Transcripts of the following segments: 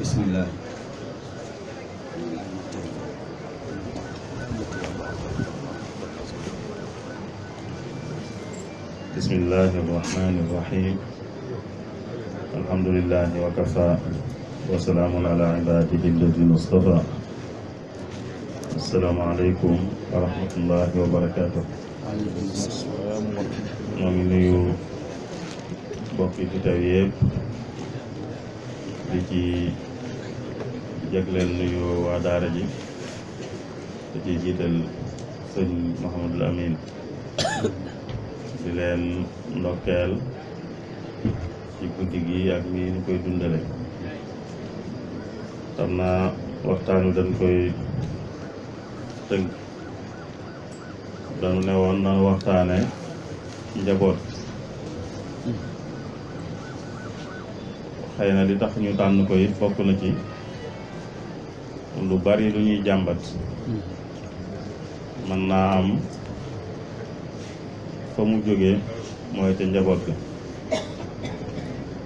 بسم الله بسم الله الرحمن الرحيم الحمد لله وكفى وسلام على عباده الذين اصطفى السلام عليكم ورحمة الله وبركاته maa السلام ورحمة الله وبركاته jëkk leen nuyu waa daara ji te ci jiital sëñ Mouhamadul Amin di leen ndokkeel ci guddi gi ak nii ñu koy dundale xam naa waxtaan wi dañ koy tënk dañu ne woon dañu waxtaane njaboot xëy na li tax ñu tànn koy bokk na ci lu bari lu ñuy jàmbat man hmm. naa am fa mu jógee mooy ca njaboot ga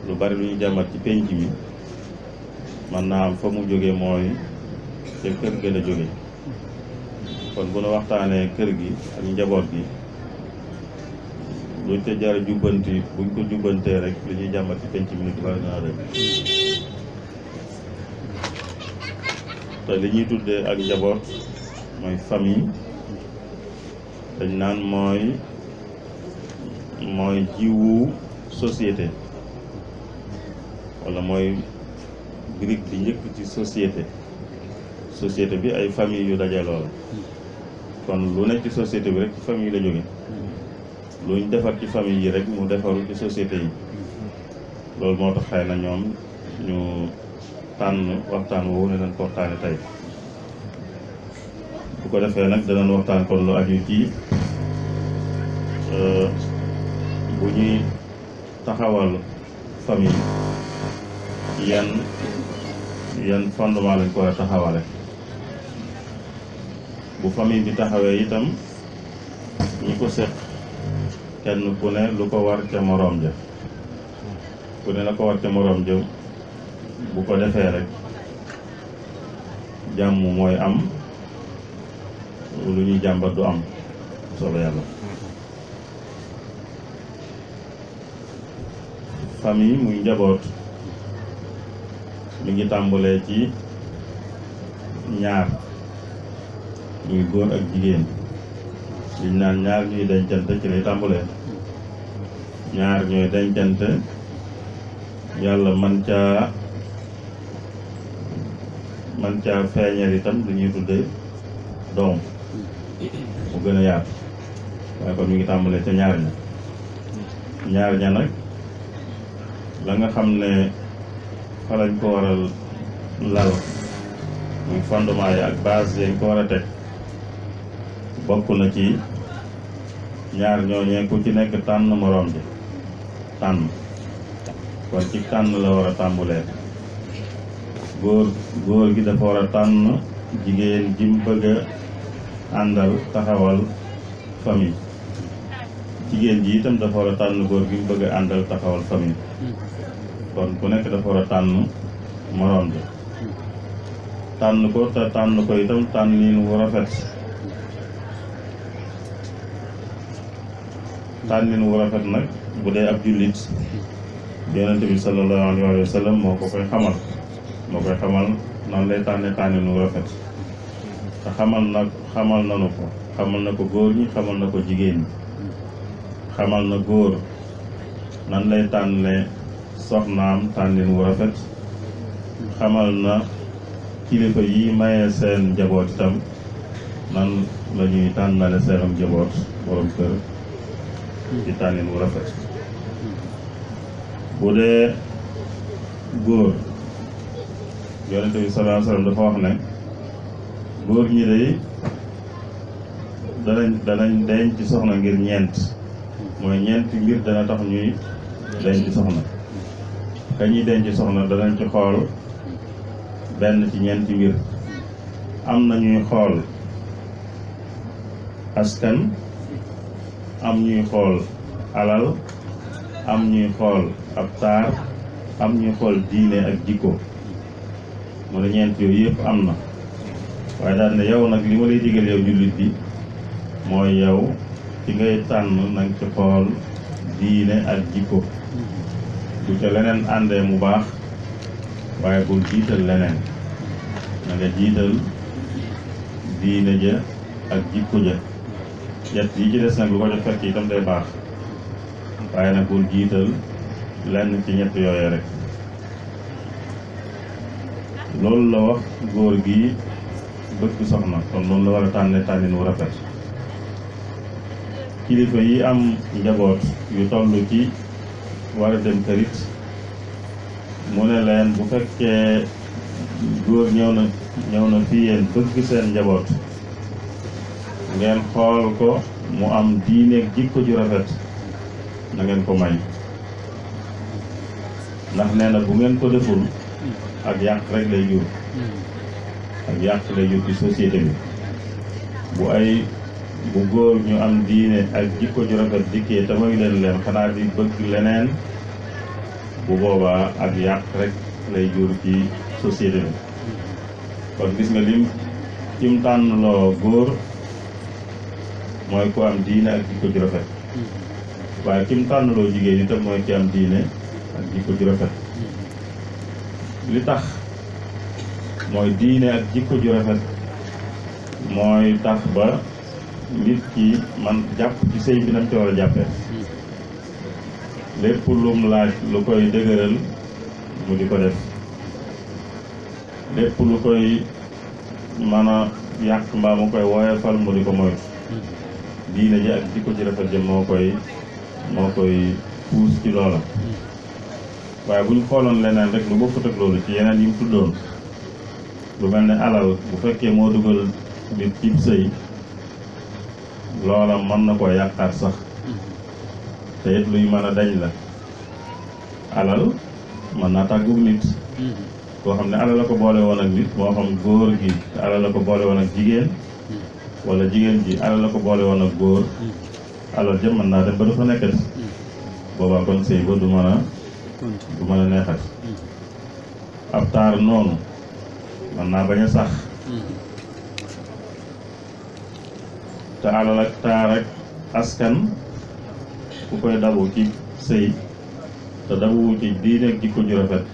lu bari lu ñuy jàmbat ci penc bi mën naa am fa mu jógee mooy ca kër ga la jóge kon bu nu waxtaanee kër gi ak njaboot gi luñ ca jara jubbanti buñ ko jubbantee rek li ñuy jàmbat ci penc bi nit bari naa rek te li ñuy tuddee ak njaboot mooy famille dañ naan mooy mooy jiwu société walla mooy brique bi njëkk ci société société bi ay famille yu dajaloo la kon lu nekk ci société bi rek ci famille la jóge lu ñu defar ci famille yi rek mu defaru ci société yi loolu moo tax xëy na ñoom ñu tànn waxtaan woowu ne dañ ko waxtaane tey bu ko defee nag danañ waxtaan kon lu aju ci euh, bu ñuy taxawal famille yan yenn fondement lañ ko a taxawale bu famille bi taxawee itam ñi ko set kenn ku ne lu ko war ca moroom ja ku ne la ko war ca moroom ja bu ko defee rek jàmm mooy am lu ñuy jàmbat du am solo yàlla famille muy njaboot mi ngi tàmbalee ci ñaar muy góor ak jigéen liñ naan ñaar ñuy dencante ci lay tàmbalee ñaar ñooy dencante yàlla man caa man caa feeñal itam lu ñuy tuddee doom mu gën a yaatu waaye kon mi ngi tàmbalee ca ñaar ña ñaar ña nag la nga xam ne fa lañ ko waral lal muy fondement ak base yañ ko war a teg bokk na ci ñaar ñooñee ku ci nekk tànn moroom ji tànn kon ci tànn la war a tàmbulee góor góor gi dafa war a tànn jigéen ji mu bëgg àndal taxawal famille jigéen ji itam dafa war a tànn góor gi mu bëgg a àndal taxawal famille kon ku nekk dafa war a tànn moroom bi tànn ko te tànn ko itam tànn niin wu rafet tànn wu rafet nag bu dee ab jullit yonente bi sallallahu alayhi wa sallam moo ko koy xamal moo koy xamal nan lay tànne tànne nu rafet te xamal na xamal nanu ko xamal na ko góor ñi xamal na ko jigéen ñi xamal na góor nan lay tànne soxnaam tànnin wu rafet xamal na kilifa yi maye seen njaboot itam nan la ñuy tànnale seenam njaboot borom kër ci tànnin wu rafet bu dee góor yonente bi sallallahu alayhi wasallam dafa wax ne góor ñi day danañ danañ denc ci soxna ngir ñeent mooy ñeenti ngir dana tax ñuy denc ci soxna ka ñuy denc ci soxna danañ ci xool benn ci ñeenti mbir am na ñuy xool askan am ñuy xool alal am ñuy xool ab taar am ñuy xool diine ak jikko wala ñeent yooyu yépp am na waaye daal ne yow nag li ma lay digal yow jullit bi mooy yow ci ngay tànn nanga ci xool diine ak jikko bu ca leneen àndee mu baax waaye bul jiital leneen na nga jiital diine ja ak jikko ja yi ci des nag lu ko def fekk itam day baax waaye nag bul jiital lenn ci ñett yooyu rek loolu la wax góor gi bëgg soxna kon non la war a tànne tànnin rafet kilifa yi am njabot yu toll ci war a dem kërit mu ne leen bu fekkee góor ñëw na ñëw na fii yéen bëgg seen ngeen ko mu am diineeg jikko ju rafet na ngeen ko may ndax nee na bu ngeen ko deful ak yàq rek lay jur ak yàq lay jur ci société bi bu ay bu góor ñu am diine ak jikko ju rafet dikkee te muy leen leen xanaa di bëgg leneen bu boobaa ak yàq rek lay jur ci société bi kon gis nga lim cim tànn loo góor mooy ko am diine ak jikko ju rafet waaye cim tànn loo jigéen itam mooy ki am diine ak jikko ju li tax mooy diine ak jikko ji rafet mooy tax ba nit ki man jàpp ci sëy bi nam ci war a jàppee lépp lum laaj lu koy dëgëral mu di ko def lépp lu koy mën yàq mbaam mu koy woyefal mu di ko moytu diine ji ak jikko ji rafet ji moo koy moo koy puus ci loola waaye bu ñu xooloon leneen rek lu bokkut ak loolu ci yeneen yi mu tuddoon lu mel ni alal bu fekkee moo dugal nit ci sëy loola mën na koo yàqaat sax te it luy mën a dañ la alal mën naa tàggug nit koo xam ne alal la ko boole woon ak nit moo xam góor gi alal la ko boole woon ak jigéen wala jigéen ji alal la ko boole woon ak góor alal jëm mën naa dem ba du fa nekkati boobaa kon sëy ba du mën bu ma la neexal ab taar noonu man naa bañ sax mm-hmm. te alal ak taar ak askan ku koy dabu ci sëy te dabu ci diine ak jikko ju rafet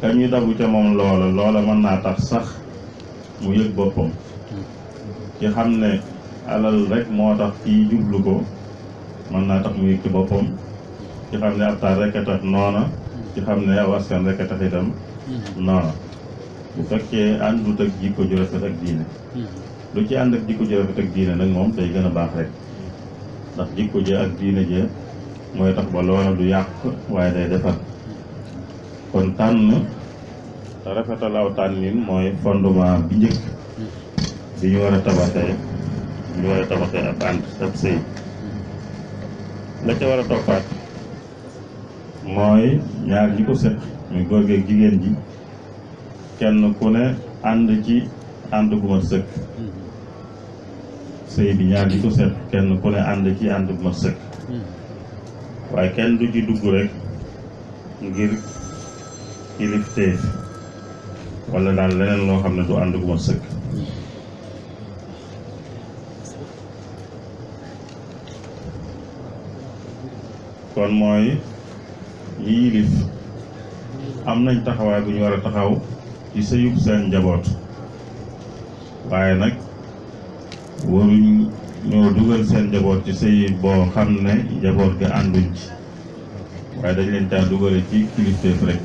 ka dabu ca moom loola loola mën naa tax sax mu yëg boppam mm-hmm. ci xam ne alal rek moo tax kii jublu ko mën naa tax mu yëg ci boppam ñu xam ne ab taal a tax noona ñu xam ne aw askan rek a tax itam mm-hmm. noona bu fekkee àndut ak jikko ju rafet ak diine mm-hmm. lu ci ànd ak jikko ju rafet ak diine nag moom day gën a baax rek ndax jikko ji ak diine ji mooy tax ba loola du yàq waaye day defar kon tànn rafetal aw tànnin mooy fondement bi njëkk bi ñu war a tabaxee ñu war tabaxee ab ànd ab sëy la ca war toppaat mooy ñaar ñi ko sëq muy góor jigéen ji kenn ku ne ànd ci ànd gu mat sëkk sëy bi ñaar ñi ko sëq kenn ku ne ànd ci ànd gu mat sëkk waaye kenn du ci dugg rek ngir kilifteef wala daal leneen loo xam ne du ànd gu mat sëkk kon mooy ñi yilif am nañ taxawaay bu ñu war a taxaw ci sëyub seen njaboot waaye nag waruñ ñoo dugal seen njaboot ci sëy boo xam ne njaboot ga ànduñ ci waaye dañ leen caa dugale ci kilifteef rek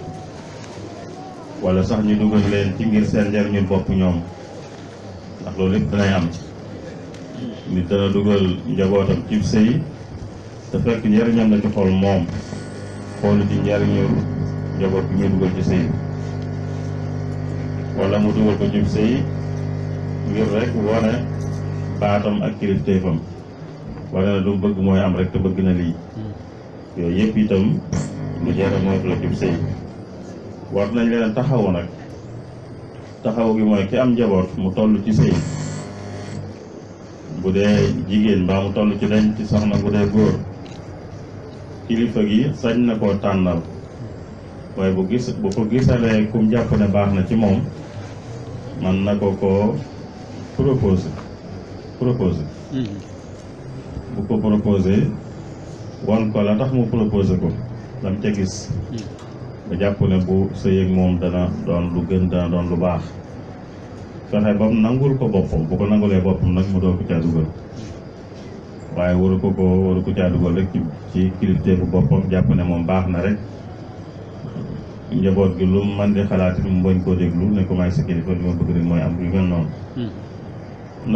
wala sax ñu dugal leen ci ngir seen njariñul bopp ñoom ndax loolu lépp danay am nit dana dugal njabootam ci sëy te fekk njariñam la ci xol moom xoolu ci njariñu njaboot bi muy dugal ci sëy wala mu dugal ko ci sëy ngir rek wane baatam ak kilifteefam wane na lu bëgg mooy am rek te bëgg na lii yooyu yëpp itam lu jara moytu la cib sëy war nañ leen taxawu nag taxawu gi mooy ki am njaboot mu toll ci sëy bu dee jigéen mbaa mu toll ci dañ ci soxna bu dee góor kilifa gi sañ na koo tànnal waaye bu gis bu ko gisalee kum jàpp ne baax na ci moom man na ko ko proposé mm-hmm. bu ko proposé wan ko la tax mu proposé ko dam ca gis mm-hmm. ba jàpp ne bu sëyeeg moom dana doon lu gën dana doon lu baax fexe ba mu nangul ko boppam bu ko nangulee boppam nag mu doo ko caa dugal waaye waru ko ko waru ko caa dugal rek ci ci kilifteefu boppam jàpp ne moom baax na rek njaboot gi lu man di xalaat mu bañ koo déglu ne ko may sa kilifa li ma bëgg rek mooy hmm.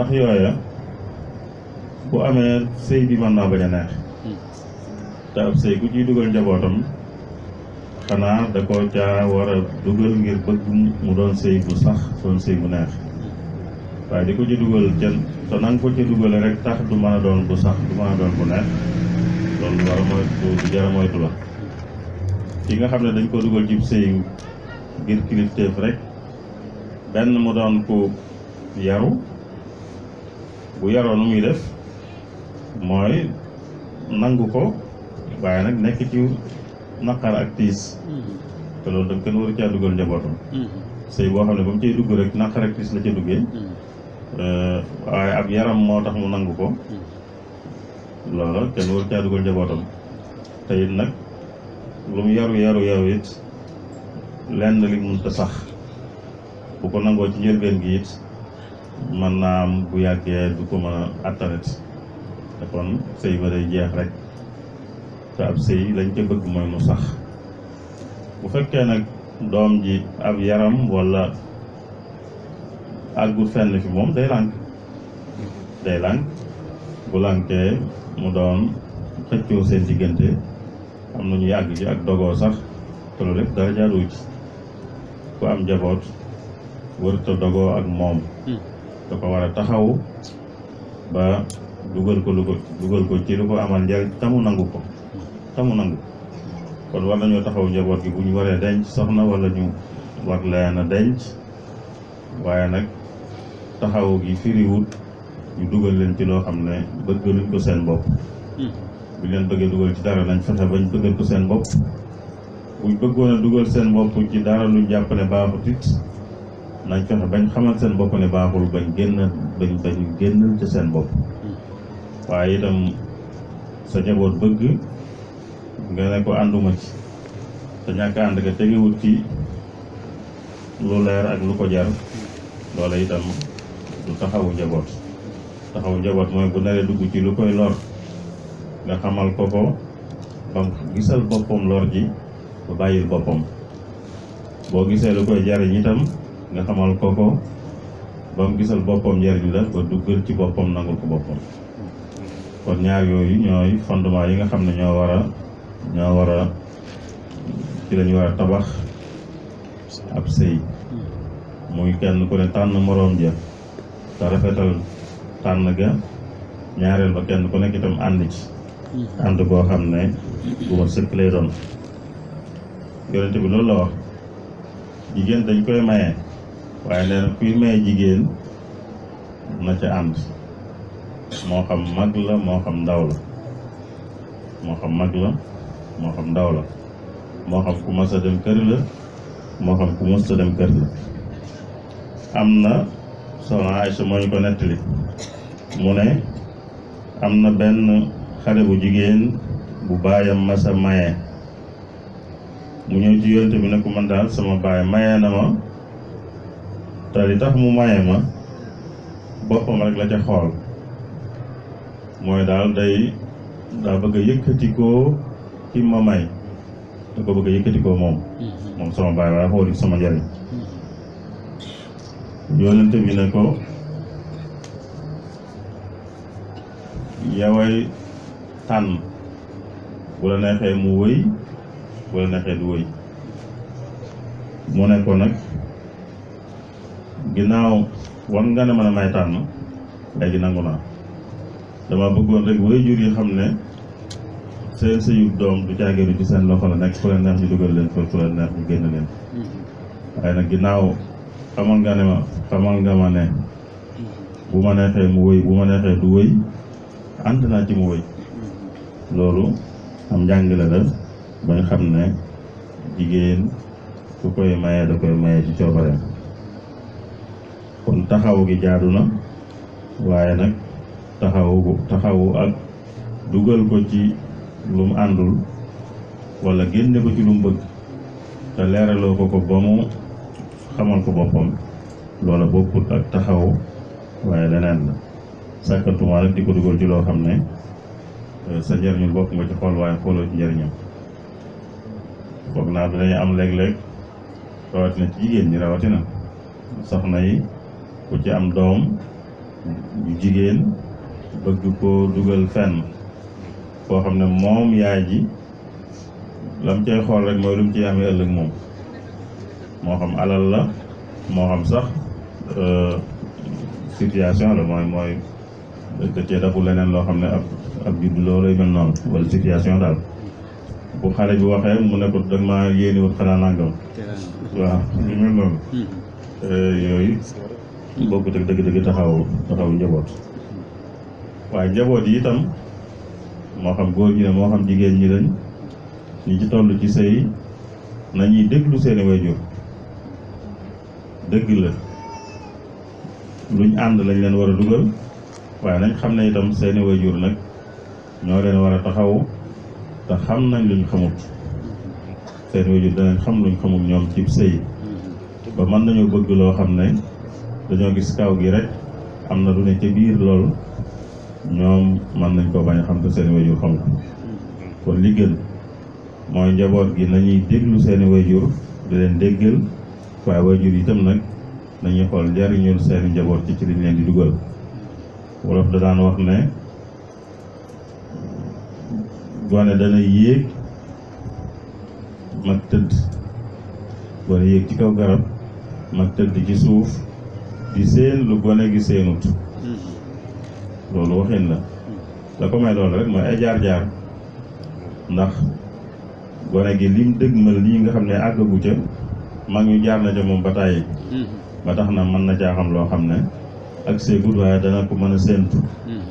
amee sëy bi man naa bañ a neex hmm. te ab sëy ku ciy dugal njabootam xanaa da koo caa war a dugal ngir bëgg mu doon sëy bu sax doon sëy bu neex hmm. waaye di ko ci dugal kenn te na ko ci dugale rek tax du mën a doon bu sax du mën doon bu neex loolu war moytu du jar moytu la ki nga xam ne dañ ko dugal jib sëy ngir kilifteef rek benn mu doon ku yaru bu yaroo nu muy def mooy nangu ko waaye nag nekk ci naqar ak tiis mm-hmm. te loolu tam kenn war caa dugal njabootam mm-hmm. sëy boo xam ne ba mu cay dugg rek naqar ak tiis la ca duggee mm-hmm. Euh, waaye ab yaram moo tax mu nangu ko loola kenn war caa dugal njabootam te it nag lu mu yaru yaru yaru it lenn li mënta sax bu ko nangoo ci njëlbeen gi it mën naa am bu yàggee bu ko mën a attanit te kon sëy ba day jeex rek te ab sëy lañ ca bëgg mooy mu sax bu fekkee nag doom ji ab yaram walla àggul fenn fi moom day lànk day lànk bu lànkee mu doon xëccoo seen diggante am na ñu yàgg ci ak dogoo sax te loolu lépp dara jaaru ci ku am njaboot wërta dogoo ak moom hmm. da ko war a taxawu ba dugal ko lu ko dugal ko ci lu ko amal njariñ tamu nangu ko tamu nangu kon war na ñoo taxaw njaboot gi bu ñu waree denc soxna wala ñu war leen a denc waaye nag taxawu gi firiwul ñu dugal leen ci loo xam ne bëggaluñ ko seen bopp hmm. buñ leen bëggee dugal ci dara nañ fexe bañ bëggal ko seen bopp buñ bëggoon a dugal seen bopp ci dara luñ jàpp ne baaxut it nañ fexe bañ xamal seen bopp ne baaxul bañ génn bañ bañ génnal ci seen bopp hmm. waaye itam sa njaboot bëgg nga ne ko ànduma ci te ñàkk ànd ka tegewut ci lu leer ak lu ko jar hmm. loola itam du taxawu njaboot taxawu njaboot mooy bu naree dugg ci lu koy lor nga xamal ko ko ba gisal boppam lor ji ba bàyyil boppam boo gisee lu koy jariñ itam nga xamal ko ko ba mu gisal boppam njariñ la ba duggal ci boppam nangul ko boppam kon ñaar yooyu ñooy fondement yi nga xam ne ñoo war a ñoo war a ci lañuy war tabax ab sëy muy kenn ku ne tànn moroom ja te tan tànn ga ñaareel ba kenn ku nekk itam ànd ci ànd goo xam ne bu ma sëkk lay doon yonente bi loolu la wax jigéen dañ koy maye waaye nee na kuy maye jigéen na ca ànd moo xam mag la moo xam ndaw la moo xam mag la moo xam ndaw la moo xam ku mas a dem kër la moo xam ku mas a dem kër la am soxna Aysa moo ñu ko nettali mu ne am na benn xale bu jigéen bu baayam masa maye mu ñëw ci yonent bi ne ko man daal sama baay maye na ma te li tax mu maye ma boppam rek la ca xool mooy daal day daa bëgga a ki ma may da ko bëgg a yëkkatikoo moom mm-hmm. moom sama baay waaye xool sama njëriñ yonent bi ne ko yaway tànn bu la neexee mu wëy bu la neexee du wëy mu ne nag ginnaaw wan nga ne man a may tànn léegi nangu naa dama bëggoon rek way jur yi xam ne seen sëyub doom du jaageeru ci seen loxo na nekk fu leen neex ñu leen fa fu leen génn leen mm-hmm. waaye nag ginnaaw xamal nga ne ma xamal nga ma ne bu ma neexee mu wëy bu ma neexee du wëy ànd naa ci mu wëy loolu am njàngale la ba nga xam ne jigéen ku koy maye da koy maye ci coobareem kon taxaw gi jaadu na waaye nag taxawu taxawu ak dugal ko ci lum àndul wala génne ko ci lum bëgg te leeraloo ko ko ba mu xamal ko boppam loola bokkut ak taxaw waaye leneen la sàkkantuma rek di ko dugal ci loo xam ne euh, sa njëriñul bopp nga ci xool waaye xooloo ci njëriñam foog naa dinañu am léeg-léeg rawatina ci jigéen ñi rawatina soxna yi ku ci am doom yu jigéen bëgg koo dugal fenn foo xam ne moom yaay ji lam cay xool rek mooy lu mu ciy amee ëllëg moom moo xam alal la moo xam sax euh, situation la mooy mooy da leneen loo xam ne ab ab judd loolay mel noonu wala situation daal bu xale bi waxee mu ne ko da ma wut xanaa nangam waaw ñu mel noonu euh, yooyu bokkut ak dëgg-dëgg taxaw taxaw njaboot waaye njaboot yi itam moo xam góor ñi ne moo xam jigéen ñi lañ ñi ci toll ci sëy nañuy déglu seeni waajur dëgg la luñ ànd lañ leen war a dugal waaye nañ xam ne itam seeni wayjur nag ñoo leen war a taxaw te xam nañ luñ xamut seeni wayjur danañ xam luñ xamut ñoom ci sëy ba mën nañu bëgg loo xam ne dañoo gis kaw gi rek am na lu ne ci biir loolu ñoom mën nañ koo bañ a xam te seeni wayjur xamut kon li gën mooy njaboot gi nañuy déglu seeni wayjur di leen déggal waaye yi itam nag dañuy xool jariñul seeni njaboot ci ci liñ leen di dugal wolof da daan wax ne gone dana yéeg mag tëdd gone yéeg ci kaw garab mag tëdd ci suuf di séen lu gone gi seenut loolu waxin la la ko may loolu rek mooy ay jaar-jaar ndax gone gi lim ma lii nga xam ne àggagu ca mag ñu jaar na ca moom ba mm-hmm. tax na mën na jaaxam loo xam ne ak see gudd waaye dana ko mën a séentu mm-hmm.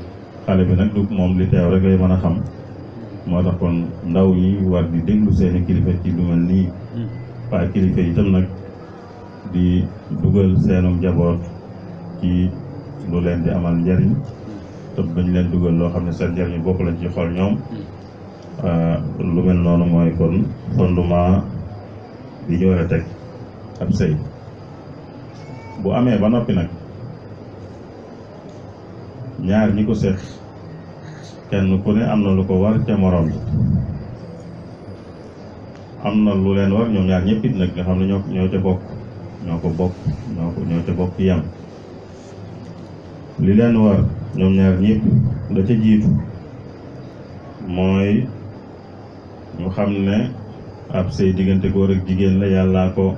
xale bi nag du moom li rek lay mën a xam mm-hmm. moo tax kon ndaw ñi war di déglu seeni kilifa ci lu mel nii waaye kilifa itam nag di dugal seenum njaboot ci lu leen di amal njariñ te bañ leen dugal loo xam ne seen njariñu bopp lañ ci xool ñoom euh, lu mel noonu mooy kon fondement bi ñu teg ab sëy bu amee ba noppi nag ñaar ñi ko séq kenn ku ne am na lu ko war ca moroom am na lu leen war ñoom ñaar ñëpp nag nga xam ne ñoo ñoo ca bokk ñoo ko bokk ñoo ko ñoo ca bokk yem li leen war ñoom ñaar ñëpp la ca jiitu mooy ñu xam ne ab sëy diggante góor ak jigéen la yàllaa ko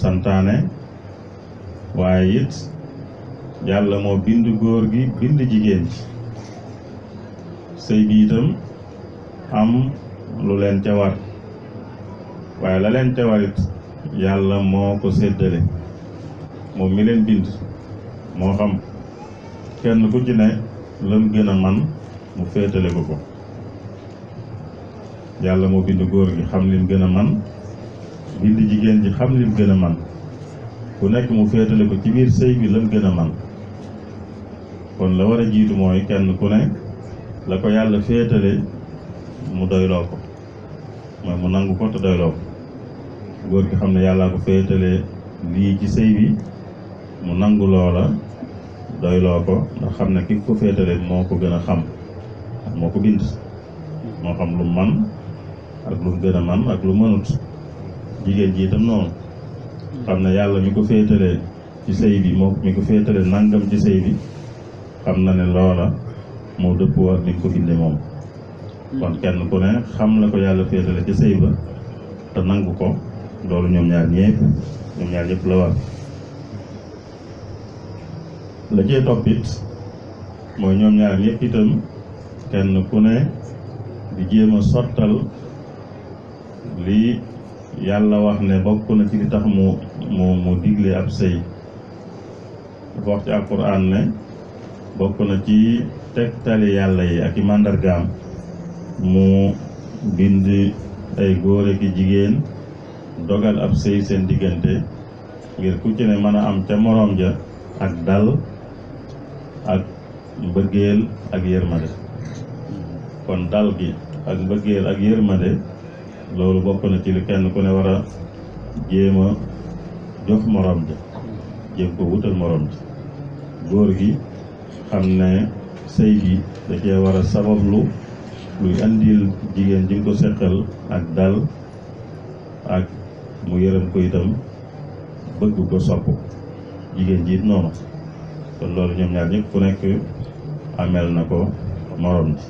santaane waaye it yàlla moo bind góor gi bind jigéen ji sëy bi itam am lu leen ca war waaye la leen ca war it yàlla moo ko séddale moom mi leen bind moo xam kenn ku ci ne lam gën a man mu féetale ko ko yàlla moo bind góor gi xam lim gën a man ngir di jigéen ji xam lim gën a man ku nekk mu féetale ko ci biir sëy bi lam gën a man kon la war a jiitu mooy kenn ku ne la ko yàlla féetale mu doyloo ko mooy mu nangu ko te doyloo ko góor gi xam ko mu nangu loola doyloo ko xam ne ki ko féetale moo ko gën a xam moo ko bind moo xam lu man ak lu gën a man ak lu mënut jigéen ji itam noonu xam na yàlla mi ko féetalee ci sëy bi moo mi ko féetalee nangam ci sëy bi xam na ne loola moo dëppoo ak ni ko bindee moom kon kenn ku ne xam la ko yàlla féetale ci sëy ba te nangu ko loolu ñoom ñaar ñëpp ñoom ñaar ñëpp la war la cee toppit mooy ñoom ñaar ñëpp itam kenn ku ne di jéem sottal lii yàlla wax ne bokk na ci li tax mu mu mu digle ab sëy dafa wax ci alquran ne bokk na ci tegtali yàlla yi ak i màndargaam mu bind ay góor ak jigéen dogal ab sëy seen diggante ngir ku ci ne mën a am ca moroom ja ak dal ak mbëggeel ak yërmande kon dal gi ak mbëggeel ak yërmande loolu bokk na ci li kenn ku ne war jéema jéem a jox morom ja jéem ko wutal morom ja góor gi xam ne séy gi da cee war a sabablu luy andil jigéen ji nga ko seqal ak dal ak mu yërëm ko itam bëgg ko sopp jigéen ji it noonu kon loolu ñoom ñaar ñëpp ku nekk ameel na ko morom ji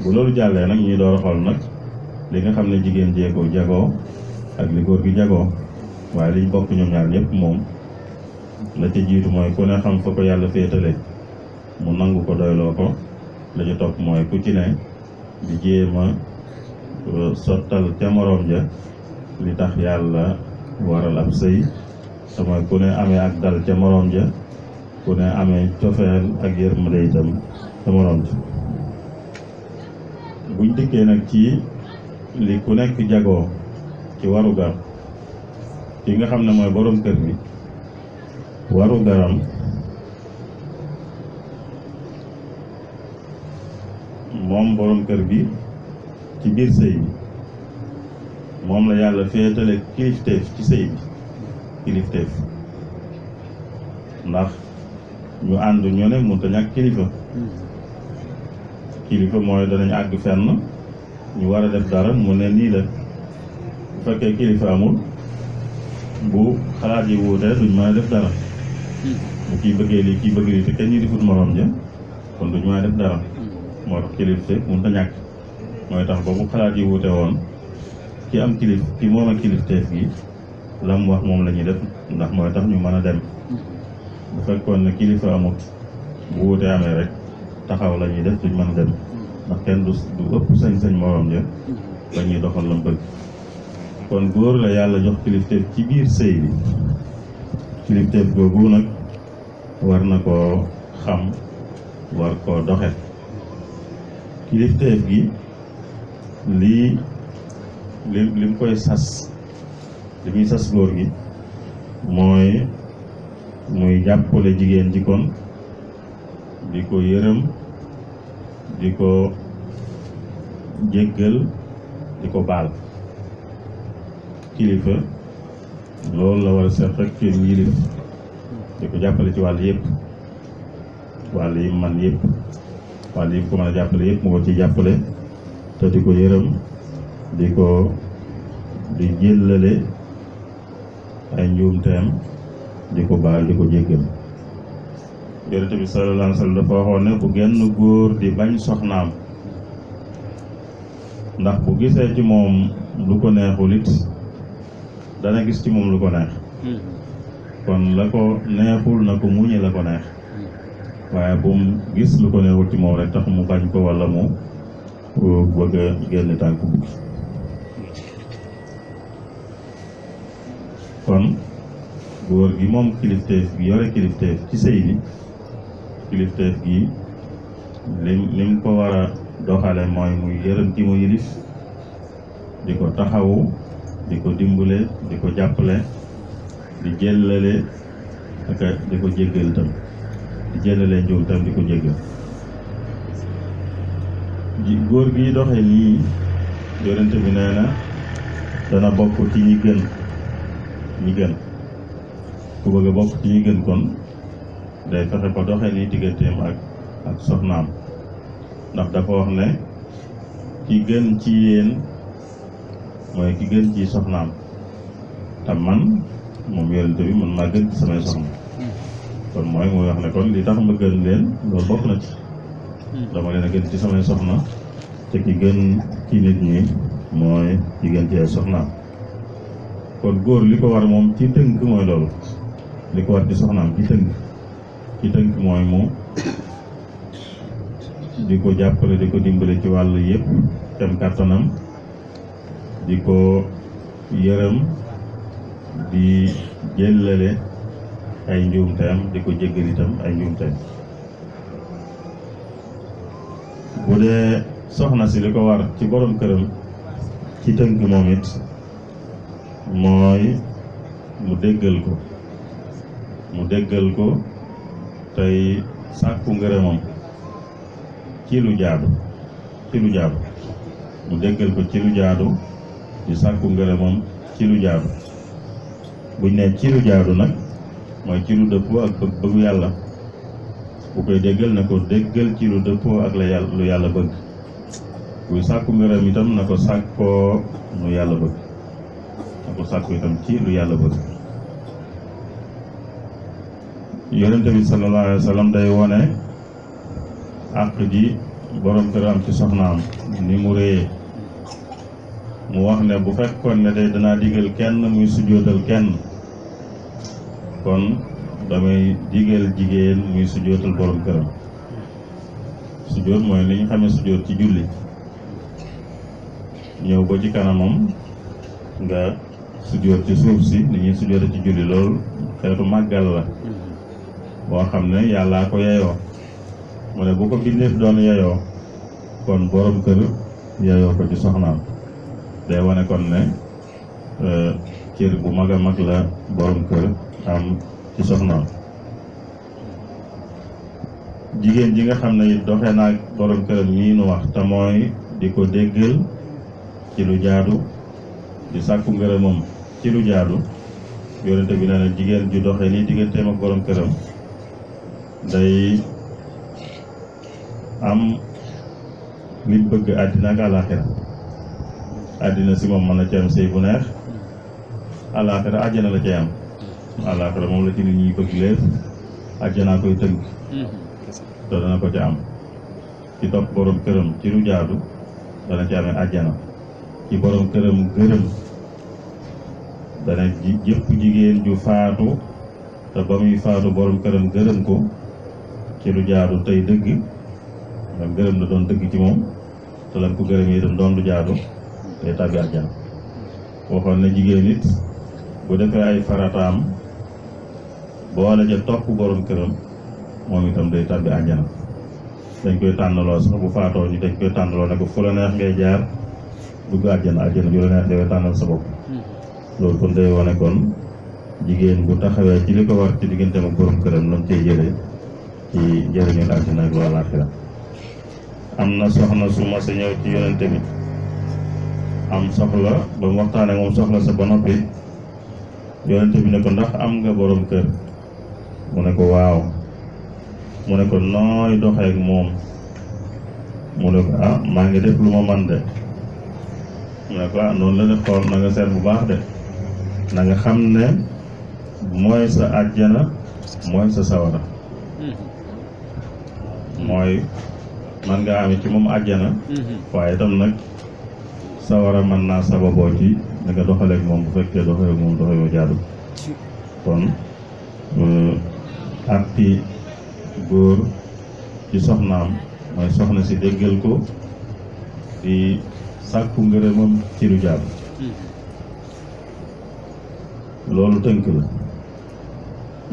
bu loolu jàllee nag ñuy door a nag li nga xam ne jigéen jéego jagoo ak li góor gi jagoo waaye liñ bokk ñoom ñaar moom la ca jiitu mooy ku ne xam fa ko yàlla féetale mu nangu ko doyloo ko la ca topp mooy ku ci ne di euh, sottal ca moroom ja li tax yàlla waral ab sëy te mooy ku ne amee ak dal ca moroom ja ku ne amee cofeel ak yërmande itam ca moroom ja buñ dikkee nag ci li ku nekk jagoo ci warugar ki nga xam ne mooy borom kër bi warugaram moom borom kër bi ci biir sëy bi moom la yàlla féetale kilifteef ci sëy bi kilifteef ndax ñu ànd ñoo ne mënut a ñàkk kilifa hmm. kilifa mooy danañ àgg fenn ñu war a def dara mu ne nii la bu fekkee kilifa amul bu xalaat yi wuutee duñ mën a def dara bu kii bëggee lii kii bëgg lii te kenn ñu difut morom ja kon duñ ma a def dara moo tax kilifa mënut a ñàkk mooy tax boobu xalaat yi wuute woon ki am kilif ki moom a kilifteef gi lam wax moom lañuy def ndax mooy tax ñu mën a dem bu fekkoon ne kilifa bu wuutee amee rek taxaw la ñuy def duñ mën a dem ndax kenn du du ëpp sañ-sañ morom ja mm-hmm. ba doxal la bëgg kon góor la yàlla jox kilifteef ci biir sëy bi kilifteef googu nag war na koo xam war koo doxe kilifteef gi lii li li mu koy sas li muy sas góor gi mooy muy jàppale jigéen ji kon ko yërëm di ko jéggal di ko baal kilifa loolu la war a seq ak seen yilif di ko jàppale ci wàll yëpp wàll yi man yëpp wàll yi ko mën a jàppale yëpp moo ci jàppale te di ko yërëm di ko di jëllale ay njuumteem di ko baal di ko jéggal yonent bi sallallahu alayhi wa dafa waxoon ne bu genn góor di bañ soxnaam ndax bu gisee ci moom lu ko neexul it dana gis ci moom lu ko neex kon la ko neexul na ko muñi la ko neex waaye bu gis lu ko neexul ci moom rek tax mu bañ ko walla mu bëgg a génn tànk bugg kon góor gi moom kilifteef bi yore kilifteef ci sëy bi kilifteef gi lim lim ko war doxale mooy muy yërëm mu yilif di ko taxawu di ko dimbale di ko jàppale di jëllale ak di ko jéggal tam di jëllale njuum di ko jéggal ji góor gi doxe nii yonent bi nee na dana bokk ci ñi gën ñi gën ku bëgg a ci ñi gën kon day fexe ba doxee ni digganteem ak soxnaam ndax dafa wax ne ki gën ci yéen mooy ki gën ci soxnaam te man moom yonente bi man maa gën ci samay soxna kon mooy wax ne kon li tax ma gën leen loolu bokk na ci dama leen a gën ci samay soxna te ki gën ci nit ñi mooy ki gën ci ay soxnaam kon góor li ko war moom ci tënk mooy loolu li ko war ci soxnaam ci tënk ci tënk mooy mu di ko jàppale di ko dimbale ci wàll yëpp tem kàttanam di ko yërëm di jëllale ay njuumteem di ko jéggal itam ay njuumteem bu dee soxna si li ko war ci borom këram ci tënk moom it mooy mu déggal ko mu déggal ko tey sàkku ngërëmam ci lu jaadu ci lu jaadu mu déggal ko ci lu jaadu di sàkku ngërëmam ci lu jaadu buñ ne ci lu jaadu nag mooy ci lu dëppoo ak bëggu yàlla bu koy déggal na ko déggal ci lu dëppoo ak la yàlla lu yàlla bëgg buy sàkku ngërëm itam na ko sàkkoo lu yàlla bëgg na ko sàkku itam ci lu yàlla bëgg yonent bi sallallahu alayhi day wone àq ji borom kër ci soxnaam ni mu réyee mu wax ne bu fekkoon ne day danaa digal kenn muy sujootal kenn kon damay digal jigéen muy sujootal borom këram sujoot mooy li ñu xamee sujoot ci julli ñëw ba ci kanamam nga sujoot ci suuf si ni ñuy sujoote ci julli loolu xeetu màggal la boo xam ne yàllaa ko yeyoo mu ne bu ko bindeef doon yeyoo kon borom kër yeyoo ko ci soxnaam day wane kon ne euh, cër bu mag mag la borom kër am ci soxnaam jigéen ji nga xam ne it doxe naag borom këram ñii nu wax te mooy di ko déggal ci lu jaadu di sàkku ngërëmam ci lu jaadu yonente bi nee na jigéen ju doxe nii digganteem ak borom këram day am li bëgg àddina ak àlaaxira àddina si moom mën a ci am sëy bu àjjana la cay am moom la ci nit ñuy bëgg lépp àjjanaa koy tënk te dana ko ca am ci topp borom këram ci lu jaadu dana ci àjjana ci borom këram gërëm dana jëpp jigéen ju faatu te ba muy faatu borom këram gërëm ko ci lu jaadu tey dëgg ndax gërëm la doon dëgg ci moom te lañ ko gërëmee itam doon du jaadu tey tàbbi àjjana waxoon na jigéen it bu defee ay farataam boole ca topp borom këram moom itam day tàbbi àjjana dañ koy tànnaloo sax bu faatoo ñu dañ koy tànnaloo ne ko fu la neex ngay jaar dugg àjjana àjjana ju la neex ngay tànnal sa bopp loolu kon day wane kon jigéen bu taxawee ci li ko war ci digganteem ak borom këram lañ cay jëlee ci njëriñul àddina ci nak àxira am amna soxna su ma sa ñëw ci yoonte bi am soxla ba mu waxtaanee moom soxla sa ba noppi yonente bi ne ko ndax am nga borom keur mu ne ko waaw mu ne ko doxé ak mom mu ne ko ah ma nga def luma man de mu ne ko ah la def xol na nga seen bu baax de na nga xam ne mooy sa àjjana mooy sa sawara mooy man nga amee ci moom àjjana mm-hmm. waaye itam nag sawara mën naa sababoo ci da nga moom bu fekkee doxaleeg moom doxaloo jaadu kon euh, arti góor ci soxnaam mooy soxna si déggal ko di sàkku ngërëmam ci lu jaadu mm-hmm. loolu tënk la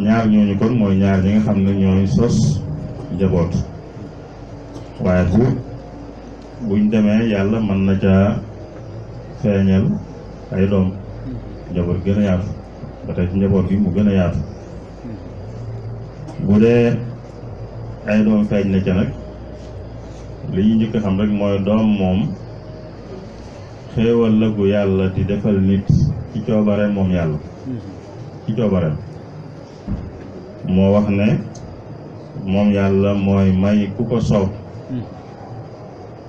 ñaar ñooñu kon mooy ñaar ñi nga xam ne ñooy sos njaboot waaye bu buñ demee yàlla mën na caa feeñal ay doom njaboot gën a gi mu gën a yaatu bu dee ay doom feeñ na ca nag li ñu njëkk xam rek mooy doom moom xéewal la gu yàlla di defal nit ci coobareem moom yàlla ci coobareem moo wax ne moom yàlla mooy may ku ko soow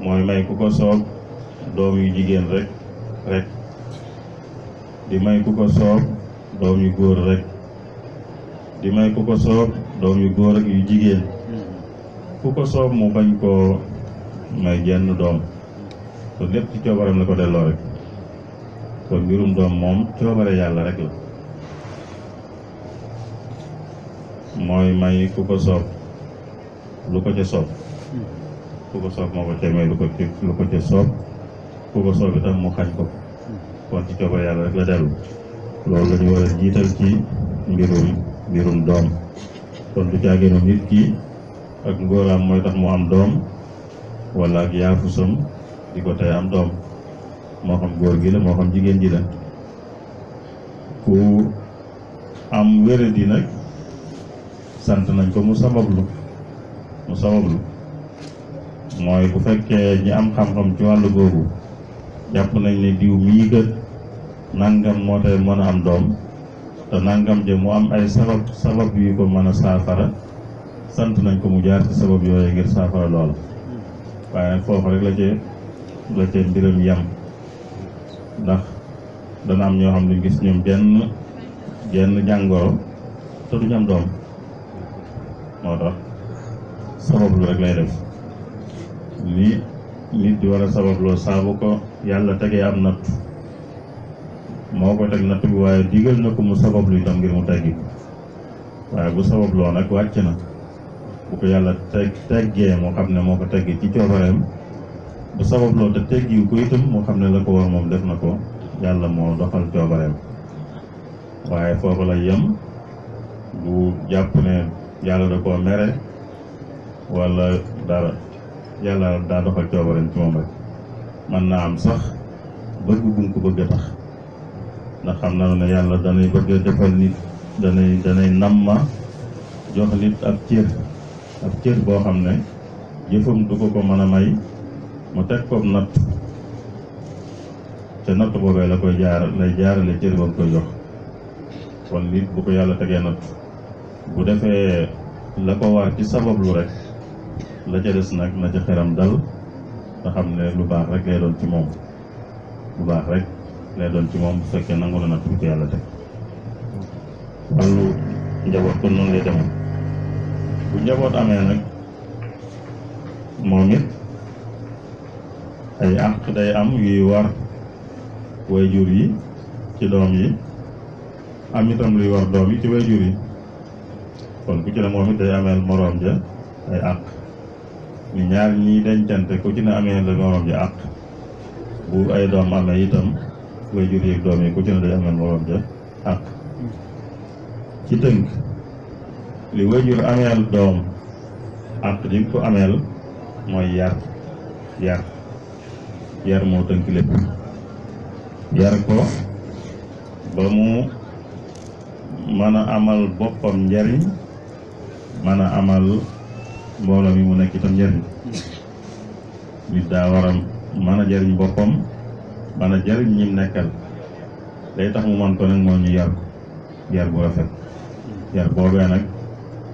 mooy may ku ko soob doom yu jigéen rek rek di may ku ko soob doom yu góor rek di may ku ko soob doom yu góor ak yu jigéen ku ko soob mu bañ koo may jenn doom ko delloo rek kon mbirum doom moom coobare yàlla rek la mooy may ku ko soob lu ko ca soob ku ko soob moo ko ca may lu ko ci lu ko ca soob ku ko soob itam mu xañ ko kon ci coobare yàlla rek la dellu loolu la ñu war a jiital ci mbirum mbirum doom kon lu caagee na nit ki ak ngóoraam mooy tax mu am doom wala ak yaafusam di ko tey am doom moo xam góor gi la moo xam jigéen ji la ku am wéradi nag sant nañ ko mu sabablu mu sabablu mooy bu fekkee ñi am xam-xam ci wàll googu jàpp nañ ni diw mii kët nangam moo tey mën a am doom te nangam je mu am ay sabab sabab yu ko mën a saafara sant nañ ko mu jaar ci sabab yooyu ngir saafara lool waaye nag foofu rek la cee la cee mbiram yam ndax dana am ñoo xam ne gis ñoom benn genn jàngoro te am doom moo tax sabab lu rek lay def ni nit di war a sababloo saabu ko yàlla tegee am natt moo ko teg natt bi waaye digal na ko mu sabablu itam ngir mu teggi ko waaye bu sababloo nag wàcc na bu ko yàlla teg teggee moo xam ne moo ko teggi ci coobareem bu sababloo te teggiwu ko itam moo xam ne la ko war moom def na ko yàlla moo doxal coobareem waaye foofu la yem bu jàpp ne yàlla da koo mere wala dara yàlla daa doxal coobareem ci moom rek man naa am sax bëgg gum ko bëgg a tax ndax xam na ne yàlla danay bëgg a defal nit danay danay namma jox nit ab cër ab cër boo xam ne jëfam du ko ko mën a may mu teg ko natt te natt boobee la koy jaar lay jaarale cër ba mu koy jox kon nit bu ko yàlla tegee natt bu defee la ko war ci sabablu rek la ca des nag na ca xeram dal te xam ne lu baax rek lay doon ci moom baax rek lay doon ci moom bu fekkee nangu na nag ko yàlla teg wàllu njaboot kon noonu lay demoon bu njaboot amee nag moom it ay àq day am yuy war wayjur yi ci doom yi am itam luy war doom yi ci wayjur yi kon ku ci ne moom it day ameel moroom ja ay àq ni ñaar ñiy dencante ku ci ne amee la morom ja àq bu ay doom amee itam way jur doom yi ku ci ne day amee morom ja àq ci tënk li wajur ameel doom àq ji ko ameel mooy yar yar yar moo tënk lépp yar ko ba mu mën a amal boppam njariñ mën a amal mbolo mi mu nek itam njariñ nit da waram mana a bopam mana mën ñim nekkal day tax mu man ko nak mo ñu yar yar bu rafet yar be nak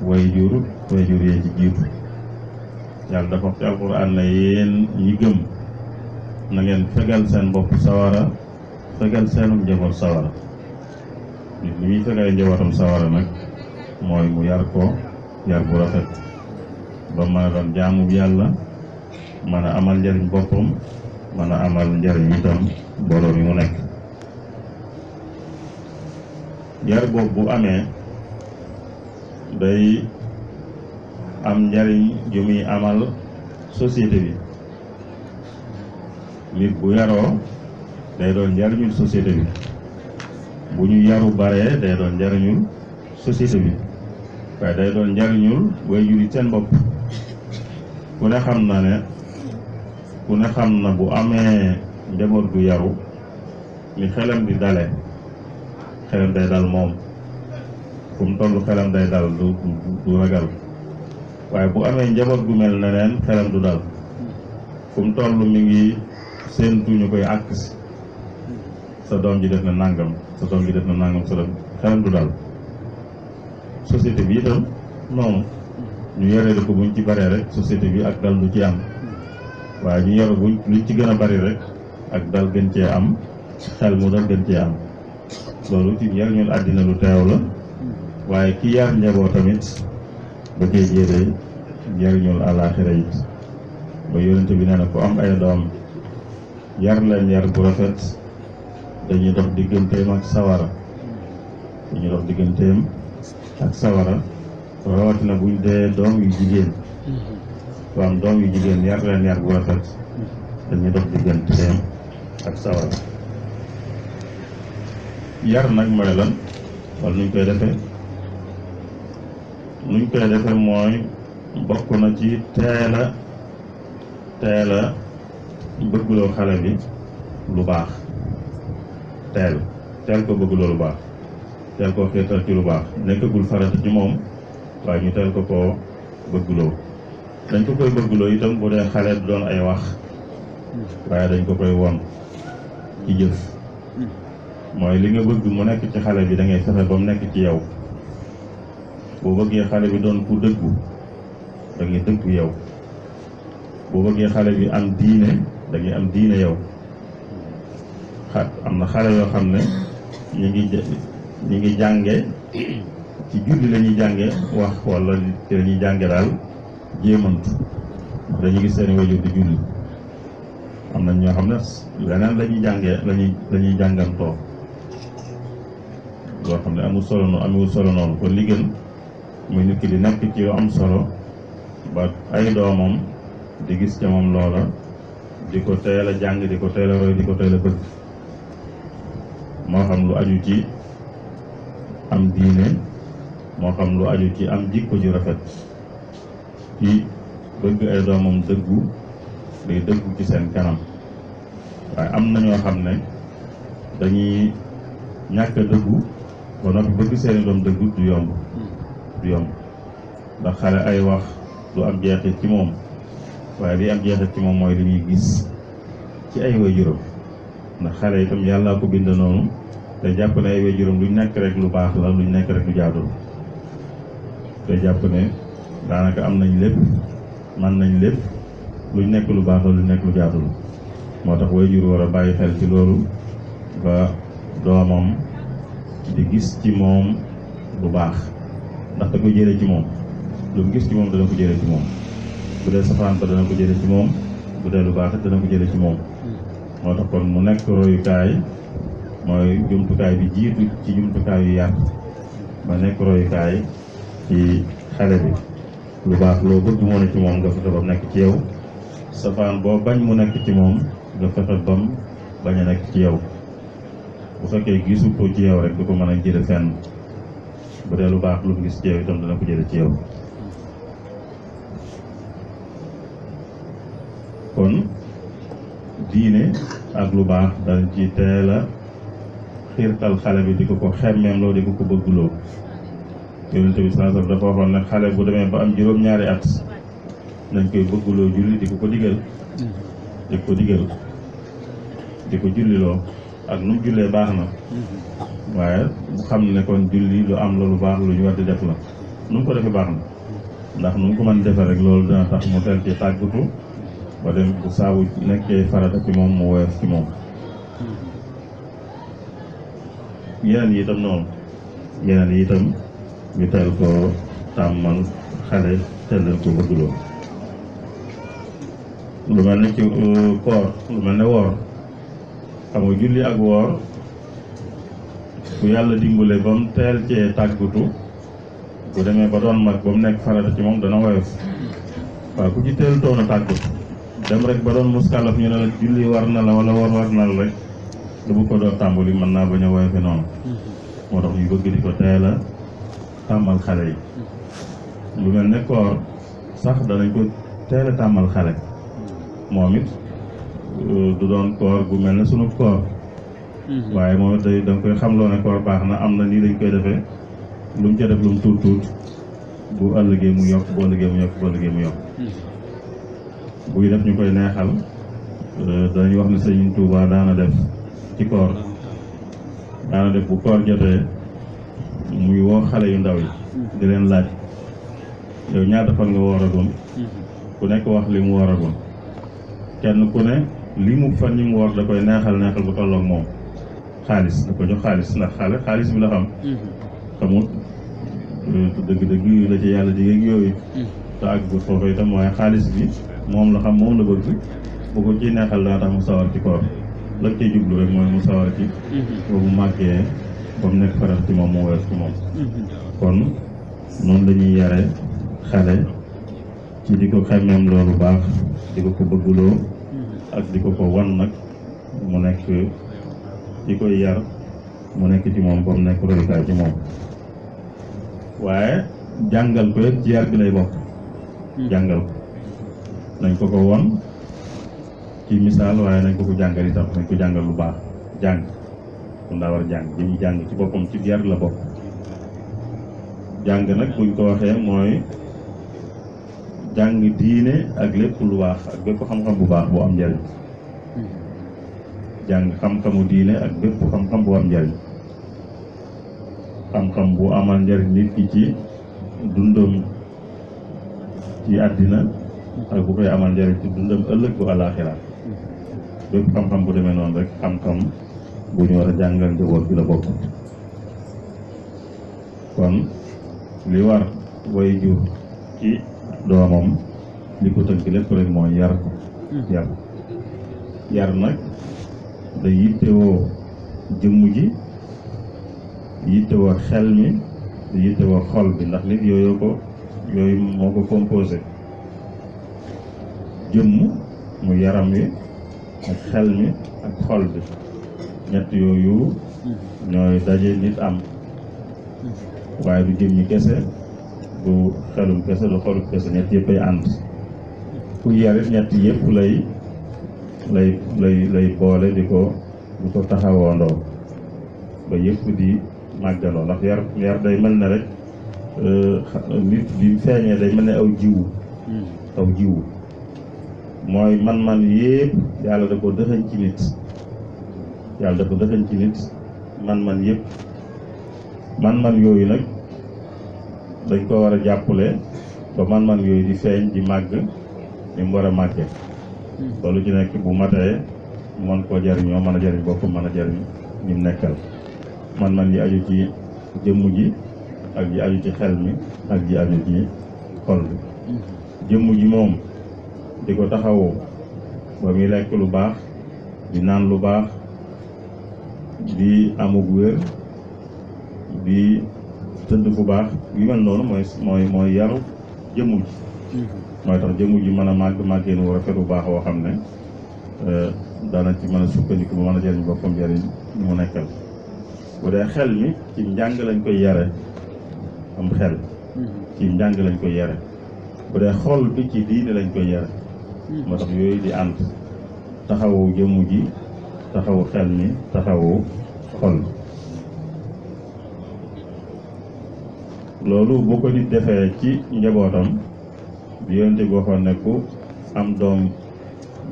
way juru way juru ye ci jitu yalla dafa wax ci alquran la yeen ñi gem na ngeen fegal seen bop sawara fegal seenum njaboot sawara nit ñi muy fegal njabootam sawara nak moy mu yar ko yar bu rafet ba mën a doon jaamu yàlla amal njariñ boppam mana amal njariñ itam mbooloo mi mu nekk yar boobu bu amee day am njariñ ju muy amal société bi nit bu yaroo day doon njariñul société bi bu ñu yaru baree day doon njariñul société bi waaye day doon njariñul way juri seen bopp ku ne xam na ne ku ne xam na bu amee njaboot gu yaru li xelam di dale xelam day dal moom fu mu xelam day dal du ragal waaye bu amee njaboot gu mel ne neen xelam du dal fu mu toll mi ngi ñu koy àkk si sa doom ji def na nàngam sa doom ji def na nàngam sa doom xelam du dal société bi itam noonu ñu yoree ko buñ ci baree rek société bi ak dal du ci am waaye ñu yore buñ li ci gëna bari rek ak dal gën ci am xel mu dal gën ci am lolu ci yar ñu adina lu teew la waye ki yar ñabo tamit ba koy jéedee ñu àllaaxira yi ba yoonte bi nee ko am ay doom yar la yar bu rafet dañuy dox digënté ak sawara ñu dox digganteem ak sawara rawatina buñ dee doom yu jigéen ku mm-hmm. doom yu jigéen yar leen yar bu rafet mm-hmm. dañuy dox digganteem ak sawar yar nag mooy lan wala nuñ koy defee nuñ koy defee mooy bokk na ci teel a teel a bëggloo xale bi lu baax teel teel ko bëggloo lu baax teel koo xeetal ci lu baax nekkagul farata ci moom waaye ñu teel ko koo bëgguloo dañ ko koy bëgguloo itam bu dee xale du doon ay wax waaye dañ ko koy won ci jëf mooy li nga bëgg mu nekk ci xale bi dangay ngay ba mu nekk ci yow boo bëggee xale bi doon ku dëggu da ngay dëggu yow boo bëggee xale bi am diine da ngay am diine yow xa am na xale yoo xam ne ñu ngi ñu ngi jànge ci julli la ñuy jànge wax wala ci la ñuy jànge daal jéemantu ndax dañuy gis seeni wajur di julli am nañ ñoo xam ne leneen la lañuy jàngantoo loo xam ne amul solo noonu solo noonu kon li gën muy nit di nekk ci lu am solo ba ay doomam di gis ca moom loola di ko teel a jàng di ko teel a roy di ko teel a bëgg moo xam lu aju ci am diine moo xam lu aju ci am jikko ju rafet ci bëgg ay doomam dëggu day dëggu ci seen kanam waaye am na ñoo xam ne dañuy ñàkk a dëggu ba noppi bëgg seeni doom dëggu du yomb du yomb ndax xale ay wax du am jeexit ci moom waaye bi am jeexit ci moom mooy li muy gis ci ay waajuram ndax xale itam yàllaa ko bind noonu te jàpp ne ay waajuram luñ nekk rek lu baax la luñ nekk rek lu jaadul te jàpp ne daanaka am nañ lépp man nañ lépp lu nekk lu baax la lu nekk lu jaatu moo tax waajur war a bàyyi xel ci loolu ba doomam di gis ci moom lu baax ndax da ko jëlee ci moom lu gis ci moom dana ko jëlee ci moom bu dee dana ko jëlee ci moom bu dee lu baax dana ko jëlee ci moom moo tax kon mu nekk royukaay mooy jumtukaay bi jiitu ci jumtukaay yu yàq ba nekk royukaay ci xalé bi lu baax lo bëgg mo ne ci mom nga fexé ba nek ci yow safaan bo bañ mu nek ci mom nga fexé bam baña nek ci yow bu fekké gisu ko ci yow rek duko mëna jëre fenn bu dé lu baax lu gis ci yow itam dana ko jëre ci yow kon diine ak lu baax dañ ci téla xirtal xalé bi diko ko ko lo loo di ko bëgg lo yonent bi saa sallam dafa waxoon nag xale bu demee ba am juróom-ñaari at nañ koy bëgguloo julli di ko ko digal di ko digal di ko julliloo ak nu mu jullee baax na waaye bu xam ne kon julli lu am la lu baax lu ñu war di def la nu mu ko defee baax na ndax nu mu ko mën defee rek loolu dana tax mu teel ci tàggatu ba dem bu saabu nekkee farata ci moom mu woyof ci moom yeneen yi itam noonu yeneen yi itam ñu teel ko tàmmal xale teelal ko bëggloo lu mel ne ci euh, koor lu mel ne woor xam nga julli ak woor bu yàlla dimbale ba mu teel cee tàggutu bu demee ba doon mag ba mu nekk farata ci moom dana woyof waaw ku ci teel toon a dem rek ba doon muskalaf ñu la julli war na la wala woor war na la rek lu bu ko doon tàmbali mën naa bañ a woyofe noonu mm-hmm. moo tax ñu bëgg di ko teel tàmmal xale yi lu mel ne koor sax danañ ko teel a tàmmal xale moom it euh, du doon koor gu mel ne sunu koor mm-hmm. waaye moom te da nga koy xamloo ne koor baax na am na nii lañ koy defee lu mu ca def lu mu tuut tuut bu ëllëgee mu yokk bu ëllëgee mu yokk bu ëllëgee mu yokk mm-hmm. buy def ñu koy neexal euh, danañ wax ne sëñ Tuubaa daana def ci koor daana def bu koor jotee muy woo xale yu ndaw yi mm-hmm. di leen laaj yow ñaata fan nga wooragoon mm-hmm. ku nekk wax li mu wooragoon kenn ku ne li mu fan yi mu woor da koy neexal neexal bu tolloog moom xaalis da ko jox xaalis ndax xale xaalis bi la xam mm-hmm. xamul dëgg-dëgg la ci yàlla jigéen yooyu te ak bu xaalis bi moom la xam moom la bëgg bu ko ci neexal daa tax mu sawar ci koor la ciy jublu rek mooy mu sawar ci boobu màggee Mhm. kon nek faral ci mom mo woyof ci mom kon non lañuy ñuy yare xale ci diko ko xemmeem loolu baax di ko ko mhm. ak diko ko wan nak mu nek diko yar mu nek ci mom bam nek roi royukaay ci mom waye jangal ko ci yar bi lay bok mhm. jangal nañ ko ko won ci misal waye nañ ko ko jangal itam nañ ko jangal lu baax jàng kon daa war jàng li jàng ci boppam ci yar la bokk jàng nag buñ ko waxee mooy jàng diine ak lépp lu waax ak bépp xam-xam bu baax bu am njariñ jàng xam-xamu ak bépp xam bu am njariñ xam-xam amal njariñ nit ki ci dundam ci àddina ak bu koy amal njariñ ci dundam ëllëg bu àllaaxira bépp xam-xam bu demee noonu rek xam-xam bu ñu war a jàngal njaboot bi la bokk kon li war woy jur ci doomam li ko tënk lépp rek mooy yar ko hmm. yar yar nag da yittewoo jëmm ji yittewoo xel mi da yittewoo xol bi ndax nit yooyu ko yooyu moo ko composé jëmm mu yaram wi ak xel mi ak xol bi ñett yooyu ñooy daje nit am waaye du jëmmi kese du xelum kese du xolum kese ñett yëppay ànd pour yar ñett yëpp lay lay lay lay boole di ko di ko taxawoondoo ba yëpp di màggaloo ndax yar yar day mel ne rek euh, nit bi feeñee day mel ne aw jiw hmm. aw jiwu mooy man-man yëpp yàlla da ko dëxañ ci nit yàlla dafa dëxañ ci nit man-man yëpp man-man yooyu nag dañ ko war a jàppale ba man-man yooyu di feeñ di màgg ni mu war a màggee hmm. loolu ci nekk bu matee mën koo jariñoo mën a jariñ boppam mën a jariñ ñi mu nekkal man-man yi aju ci jëmm ji ak ji aju ci xel mi ak ji aju ci xol bi hmm. jëmm ji moom di ko taxawoo ba muy lekk lu baax di naan lu baax di amug wér di tëdd fu baax yu mel noonu mooy mooy mooy yaru jëmu ji mooy tax jëmu ji mën a màgg màggeen wu rafet bu baax woo xam ne euh, daana ci mën a sukkandiku ba mën a jëriñ boppam jëriñ ñu mu nekkal bu dee xel mi ci njàng lañ koy yare am xel mm-hmm. ci njàng lañ koy yare bu dee xol bi ci diine lañ koy yare mm-hmm. moo tax yooyu di ànd taxawu jëmu ji taxawu xel mi taxawu xol loolu bu ko nit defee ci njabootam di yonte boo xam ne am doom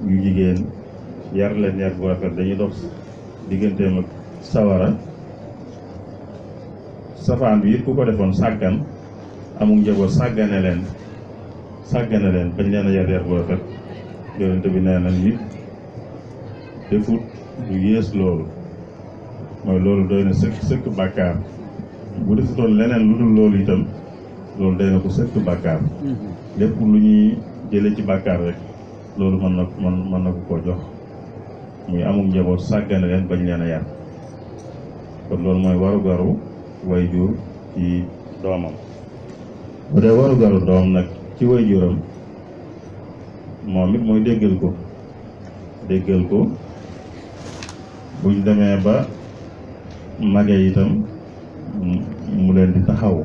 yu jigéen yar leen yar bu rafet dañuy dox digganteem ak sawara safaan bi it ku ko defoon sàggan amul njaboot sàggane leen sàggane leen bañ leen a yar yar bu rafet bi nee nit defut lu yées loolu mooy loolu doy na sëkk sëkk bàkkaar bu defutoon leneen lu dul loolu itam loolu doy na ko sëkk bàkkaar mm-hmm. lépp lu ñuy jële ci bàkkaar rek loolu mën na mën mën na ko koo jox muy amul njaboot sàggane leen bañ leen a yar kon loolu mooy warugaru wayjur ci doomam bu dee warugaru doom nag ci wayjuram moom it mooy déggal ko déggal ko buñ demee ba magee itam mu leen di taxaw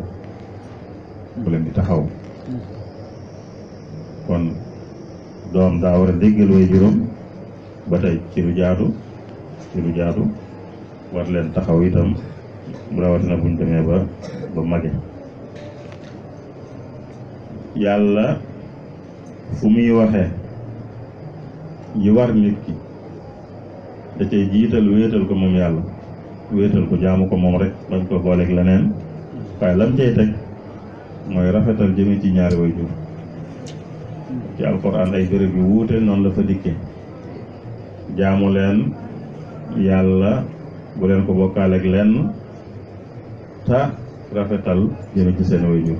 mu leen di taxaw kon doom daa war a déggal way juróom ba tey ci lu jaadu ci lu jaadu war leen taxaw itam rawatina buñ demee ba ba mage yàlla fu muy waxe yi war nit ki te cay jiital wéetal ko moom yàlla wéetal ko jaamu ko moom rek bañ ko booleeg leneen waaye lam cay teg mooy rafetal jëme ci ñaari way jur ci ay béréb yu wuute noon la fa dikke jaamu leen yàlla bu leen ko bokkaaleeg lenn ta rafetal jëme ci seen way jur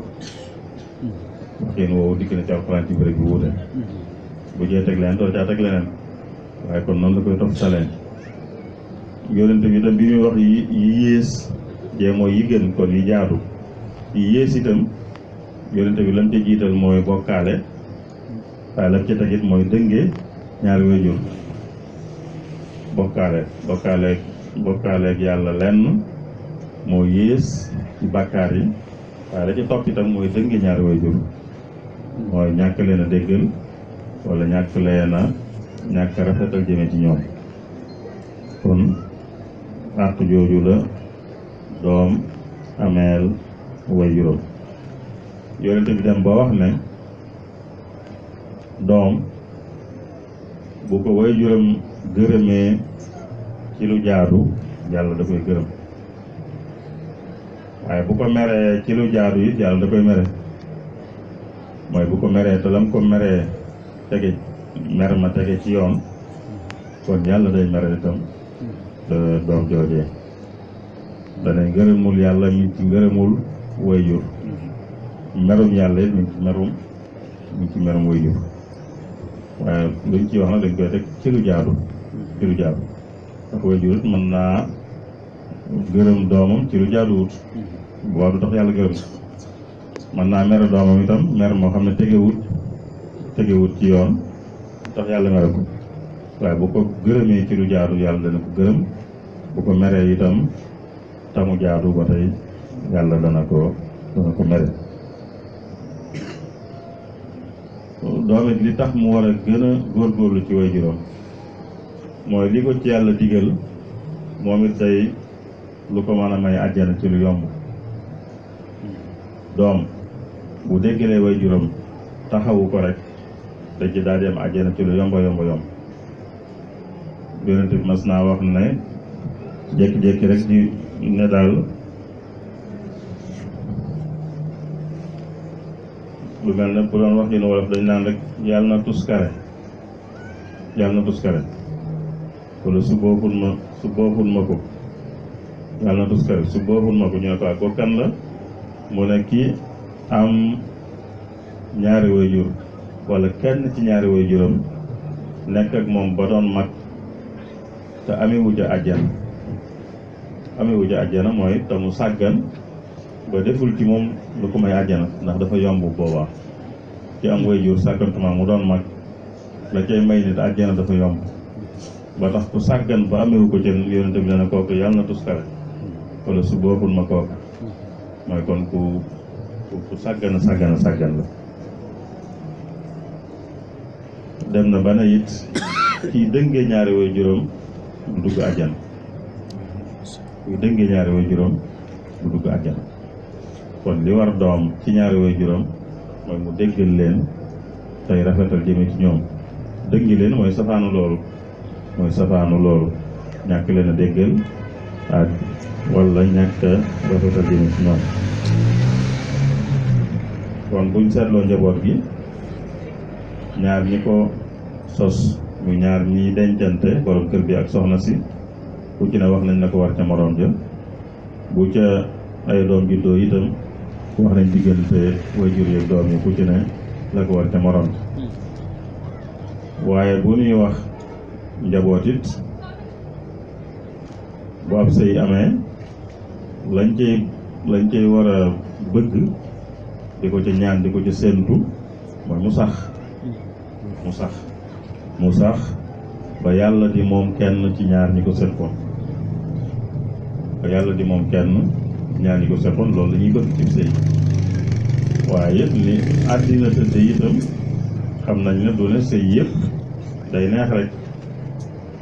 waxin woowu dikk na ci alxuraan ci béréb yu wuute bu jee teg leen doo leneen waaye kon noonu la koy topp saleen yonent bi tam bi ñuy wax yi yées jee mooy yi gën kon yi jaadu yi yées itam yonent bi lam ca jiital mooy bokkaale waaye lam ca tegit mooy dëngee ñaari wéjur yàlla lenn moo yées ci bàkkaar yi waaye la ca topp itam mooy dëngee ñaari wéjur mooy ñàkk leen a déggal wala ñàkk leen a ñàkk rafetal jëme ci ñoom kon àq jooju la doom ameel waajuram yonent bi dem ba wax ne doom bu ko waajuram gërëmee ci lu jaadu yàlla da koy gërëm waaye bu ko meree ci lu jaadu yi yàlla da koy mere mooy bu ko meree te lam ko meree tege mer ma tege ci yoon kon jàll day mere itam Euh, doom joojee dane ngërëmul yàlla mi ngi ci ngërëmul wayjur merum yàlla it mi ci merum mi ngi ci merum wayjur waaye luñ ci wax dañ koy teg ci lu jaadu ci lu jaadu ndax wayjur it mën naa gërëm doomam ci lu jaaduwut boobu du tax yàlla gërëm mën naa mer doomam itam mer moo xam ne tegewut tegewut ci yoon tax yàlla mere ko waaye bu ko gërëmee ci lu jaadu yàlla dana ko gërëm bu ko meree itam tamu jaadu ba tey yàlla dana ko dana ko mere doomit li tax mu war a gën a góorgóorlu ci way juróom mooy li ko ci yàlla digal moom it day lu ko mën a may àjjana ci lu yomb doom bu déggalee way juróom taxawu ko rek da ci daal di àjjana ci lu yomba yomba yomb yonent bi naa wax ne jékki-jékki rek ñu ne daal lu mel ne bu doon wax ñu ne wolof dañ naan rek yàlla na tuskare yàlla na tuskare wala su booful ma su booful ma ko yàlla na tuskare su booful ma ko ñu ne ko ak ah, kan la mu ne kii am ñaari waajur wala kenn ci ñaari waajuram nekk ak moom ba doon mag te ami wuja àjjan amewu ja àjjana mooy te sàggan ba deful ci moom lu ko may àjjana ndax dafa yomb boobaa ci am way jur sàggantumaa mu doon mag la cay may nit àjjana dafa yomb ba tax ku sàggan ba amewu ko ca yonente bi ne na kooku yàlla na tus kawe wala su booxul ko kooku mooy kon ku ku sàggan sàggan la dem na ba ne it kii dëngee ñaari way juróom du dugg àjjana ku dégg ñaari way juróom mu dugg àjjana kon li war doom ci ñaari way juróom mooy mu déggal leen tey rafetal jëme ñoom dëgg leen mooy safaanu loolu mooy safaanu loolu ñàkk leen a déggal ak wala ñàkk a rafetal jëme ñoom kon buñ seetloo njaboot gi ñaar ñi ko sos mu ñaar ñi dencante boroom kër bi ak soxna si ku na wax nañ la ko war ca moroom ja bu ca ay doom juddoo itam wax nañ diggante waajur yeeg doom yi ku ci ne la ko war ca moroom ja hmm. waaye bu ñuy wax njaboot it bu ab sëy amee lañ cay lañ cay war a bëgg di ko ca ñaan di ko ca séentu mooy mu sax hmm. mu sax mu sax ba yàlla di moom kenn ci ñaar ñi ko seen ko yalla di mom kenn ñaar ko sefon loolu la bëgg ci sey waye yëpp adina te de yitam xam nañ ne do ne sey yëpp day neex rek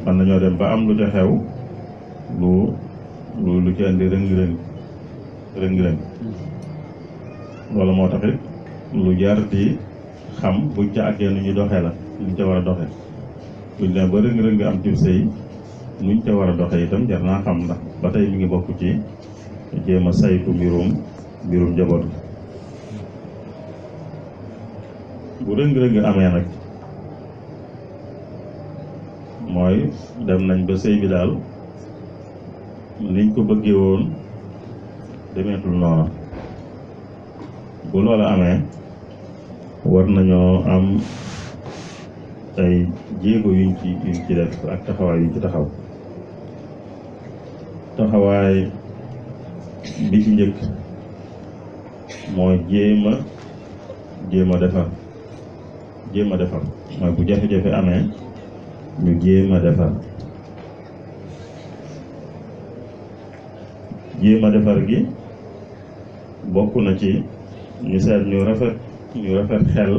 man nañu dem ba am lu ca xew lu lu lu ci andi reng reng reng reng wala mo taxé lu jaar di xam bu ci àggee ñu doxé la ñu ci wara doxé bu buñ ba reng reng am ci sey ñu ci wara doxé itam jarna xam ndax ba tey mi ngi bokk ci jéem a saytu mbirum mbirum njaboot bu rëng-rëng amee nag mooy dem nañ ba sëy bi daal niñ ko bëggee woon demeetul noona bu loola amee war nañoo am ay jéego yuñ ci yuñ ci def ak taxawaay yuñ ci taxaw taxawaay bi ci njëkk mooy jéem a jéem defar jéem a defar mooy bu jafe-jafe amee ñu jéem a defar jéem a defar gi bokk na ci ñu seet ñu rafet ñu rafet xel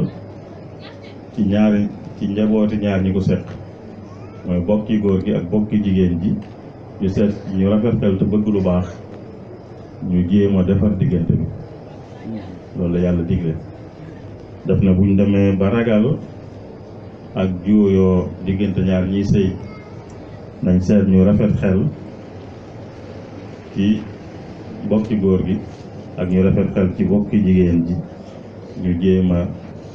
ci ñaari ci njabooti ñaar ñi ko seq mooy bokki góor gi ak bokki jigéen ji ñu seet ñu rafetal te bëgg lu baax ñu jéema a defar diggante bi loolu la yàlla diglé def na buñ demee ba ragal ak juuyoo diggante ñaar ñiy sëy nañ seet ñu rafet xel ci bokki góor gi ak ñu rafet xel ci bokki jigéen ji ñu jéem a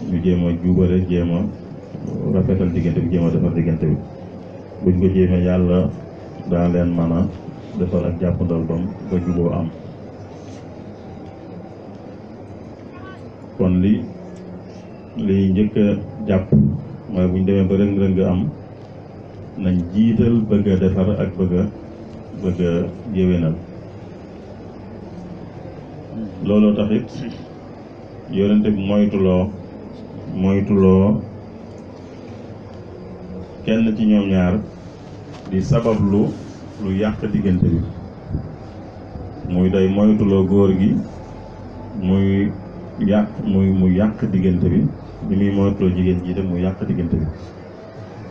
ñu jéem a jubale jéem a rafetal diggante bi jéem a defar diggante bi buñ ko jéemee yàlla dana leen mën a defal ak jàppandal bam ba juboo am kon li liy njëkk a jàpp mooy buñ demee ba rëng-rëng am nañ jiital bëgg a defar ak bëgg a bëgg a looloo taxit yonente bi moytuloo moytuloo kenn ci ñoom ñaar di sabab lu lu yak digënté bi moy day lo gor gi moy yak moy mu yak digënté bi ni muy moytuloo jigen ji de mu yak digënté bi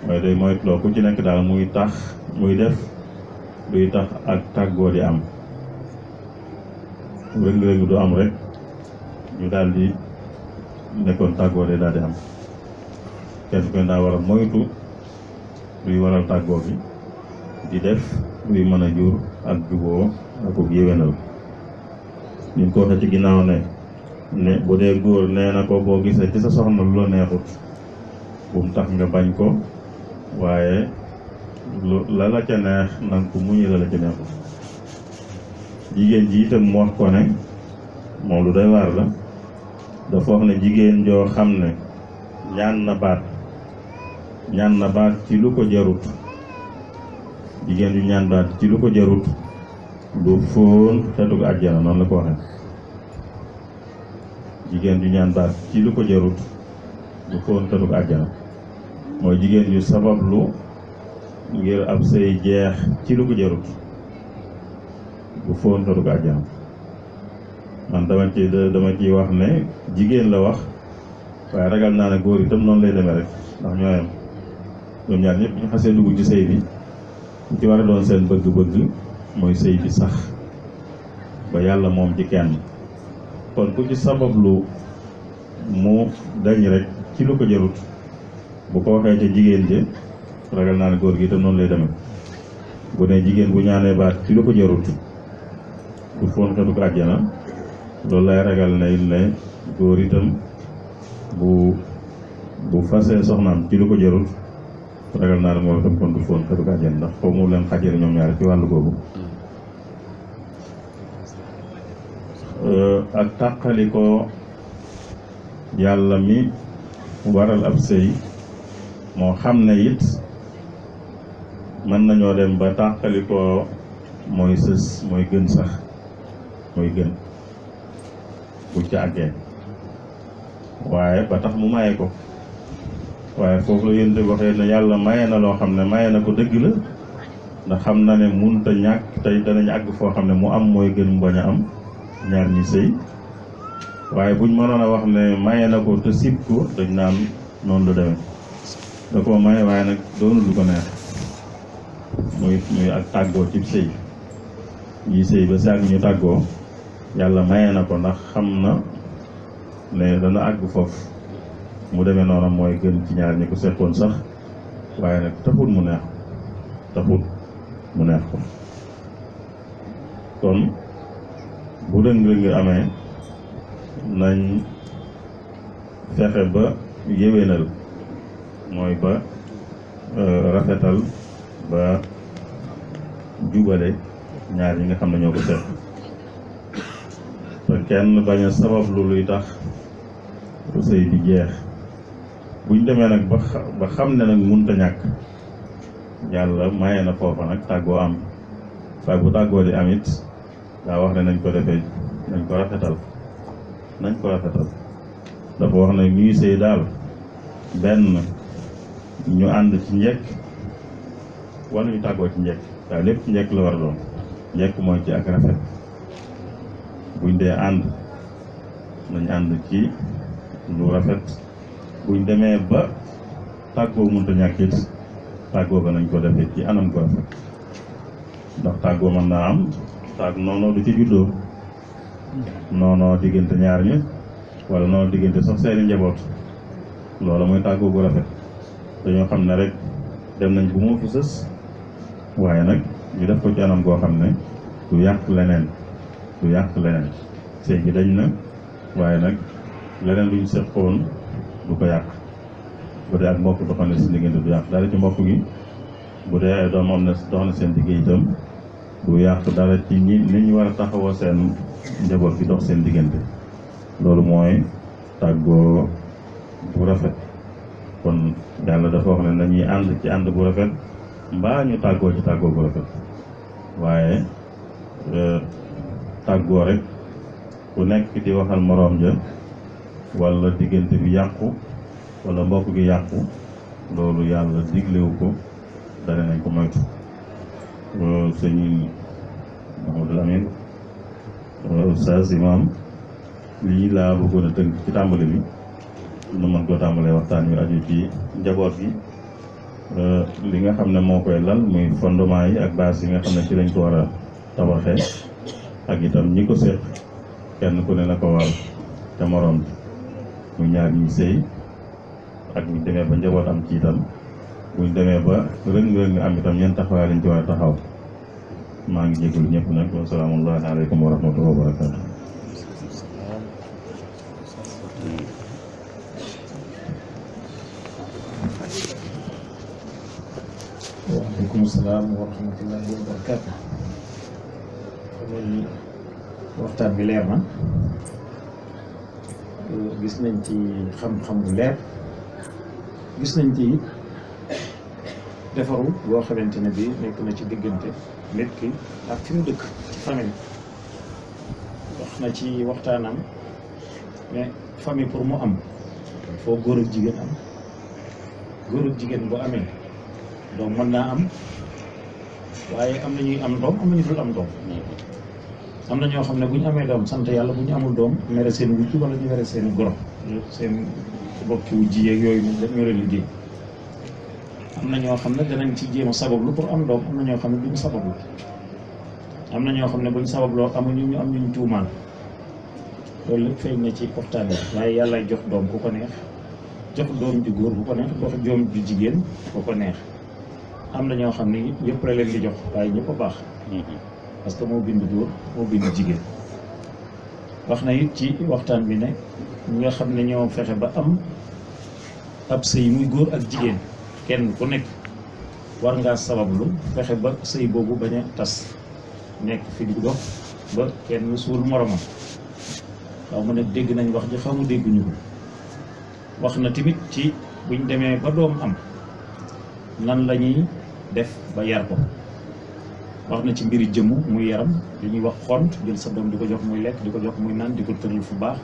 mooy day moytuloo ku ci nek dal moy tax moy def du tax ak taggo di am rëng-rëng du am rek ñu dal di nekkon taggo de dal di am kess ko nda daa war a moytu waral tàggoo bi di def luy mën a jur ak juboo ak ub yéwénal ñu ko waxee ci ginnaaw ne ne bu dee góor nee na ko boo gisee ci sa soxna lu la neexut bum tax nga bañ ko waaye lu la la ca neex nanga ko muñu la ca neexut jigéen ji itam mu wax ko ne moom lu doy waar la dafa wax ne jigéen joo xam ne ñaan na baat ñaan na baat ci lu ko jarut jigen du ñaan baat ci lu ko jarut du fóon ta dugg aljana non la ko waxe jigen du ñaan baat ci lu ko jarut du fóon ta dugg aljana moy jigen yu lu ngir ab sey jeex ci lu ko jarut du fóon ta dugg aljana man dama ci dama ci wax ne jigen la wax way ragal na na goor itam non lay demee rek ndax ñoyam ñom ñaar ñepp ñu xasse ci sey bi ci war a doon seen bëgg-bëgg mooy sëy bi sax ba yàlla moom ci kenn kon ku ci sabablu mu dañ rek ci lu ko jarut bu ko waxee ca jigéen ji ragal naa ne góor gi itam noonu lay demee bu ne jigéen bu ñaanee baat ci lu ko jarut du foon ko du ko lay ragal ne it ne góor itam bu bu fasee soxnaam ci lu ko jarut ragal naa ne moom itam kon du foon këru gàjjeen ndax foo mu leen xajale ñoom ñaari ci wàllu googu euh, ak tàqalikoo yàlla mi waral ab sëy moo xam ne it mën nañoo dem ba tàqalikoo mooy sës mooy gën sax mooy gën bu ci àggee waaye ba tax mu maye ko waaye foofu la yéen di waxee ne yàlla maye na loo xam ne maye na ko dëgg la ndax xam na ne munta ñàkk tey danañ àgg foo xam ne mu am mooy gën mu bañ a am ñaar ñi sëy waaye buñ mënoon a wax ne maye na ko te sib ko dañ naan noonu lu demee da koo maye waaye nag doonu lu ko neex muy muy ak tàggoo cib sëy ñi sëy ba saag ñu tàggoo yàlla maye na ko ndax xam na ne dana àgg foofu mu demee noonu mooy gën ci ñaar ñi ko seqoon sax waaye nag taxul mu neex taxul mu neex ko kon bu dëng-dëng amee nañ fexe ba yéwénal mooy ba euh, rafetal ba jubale ñaar yi nga xam ne ñoo ko seq kenn bañ a sabab lu luy tax sëy bi jeex bu ñu demee nag ba ba xam ne nag munta ñàkk yàlla maye na foofa am waaye bu tàggoo di am it wax ne nañ ko defee nañ ko rafetal nañ ko rafetal dafa wax ne ñuy sëy daal benn ñu ànd ci njëkk wala ñu tàggoo ci njëkk waaye lépp ci njëkk la war a doon njëkk mooy ci ak rafet buñ dee ànd nañ ànd ci lu rafet buñ demee ba tàggoo mënta ñàkk it tàggoo ko nañ ko defee ci anam ko rafet ndax tàggoo man naa am tàgg noonu du ci juddoo noonu diggante ñaar ñi wala noonu diggante sax seeni njaboot loolu mooy tàggoo bu rafet dañoo xam ne rek dem nañ bu mu fi sës waaye nag ñu def ko ci anam goo xam ne du yàq leneen du yàq leneen seen gi dañ na waaye nag leneen luñ seqoon du ko yàq bu dee ak mbokk doxal na si diggante du yàq dara ci mbokk gi bu dee ay doom am na dox na seen liggéey itam du yàq dara ci ñi ni ñu war a taxawoo seen njaboot gi dox seen diggante loolu mooy tàggoo bu rafet kon yàlla dafa wax ne ñuy ànd ci ànd bu rafet mbaa ñu tàggoo ci tàggoo bu rafet waaye euh, tàggoo rek ku nekk di waxal moroom ja wala diggante bi yàqu wala mbokk gi yàqu loolu yàlla diglewu ko dara nañ ko moytu sëñ Mahamadul Amin Oustaz lii laa bëggoon a ci tàmbali bi nu mën koo tàmbalee waxtaan yu aju ci njaboot gi euh, li nga xam ne moo koy lal muy fondement yi ak base yi nga xam ne ci lañ ko war a tabaxee ak itam ñi ko séq kenn ku ne la ko war te moroom muy ñaar ñuy sëy ak ñu demee ba njaboot am ci itam bu demee ba rëng-rëng am itam yan taxawaay lañ ci war a taxaw maa ngi jégalu ñëpp nag wa salaamu aleykum wa wa barakaatu. waxtaan bi leer na. gis nañ ci xam-xam bu leer gis nañ ci it defaru boo xamante ne bii nekk na ci diggante nit ki ak fi mu dëkk ci famille wax na ci waxtaanam mais famille pour mu am foo góor ak jigéen am góor ak jigéen bu amee doom mën naa am waaye am na ñuy am doom am na ñu dul am doom am na ñoo xam ne bu ñu amee doom sant yàlla bu ñu amul doom mere seen wujj wala ñu mere seen goro seen bokki wujj yooyu moom dañoo leen liggéey am na ñoo xam ne danañ ci jéem a sabablu pour am doom am na ñoo xam ne duñ sabablu am na ñoo xam ne buñ sababloo amuñu ñu am ñu tuumaal loolu lépp feeñ na ci portail waaye yàllaay jox doom ku ko neex jox doom ju góor bu ko neex jox doom ju jigéen bu ko neex am na ñoo xam ne yëpp la leen di jox waaye ñëpp a baax. Mm-hmm. parce que moo bind góor moo bind jigéen wax na it ci waxtaan bi ne ñi nga xam ne ñoom fexe ba am ab sëy muy góor ak jigéen kenn ku nekk war ngaa sabablu fexe ba sëy boobu ba a tas nekk fi di dox ba kenn suul moromam waaw mu ne dégg nañ wax ji xamu dégguñu ko wax na tamit ci buñ demee ba doom am nan lañuy def ba yar ko waxna ci mbiri jëm mu yaram li ñuy wax xont jël sa doom diko ko jox muy lek diko ko jox muy nan diko ko fu baax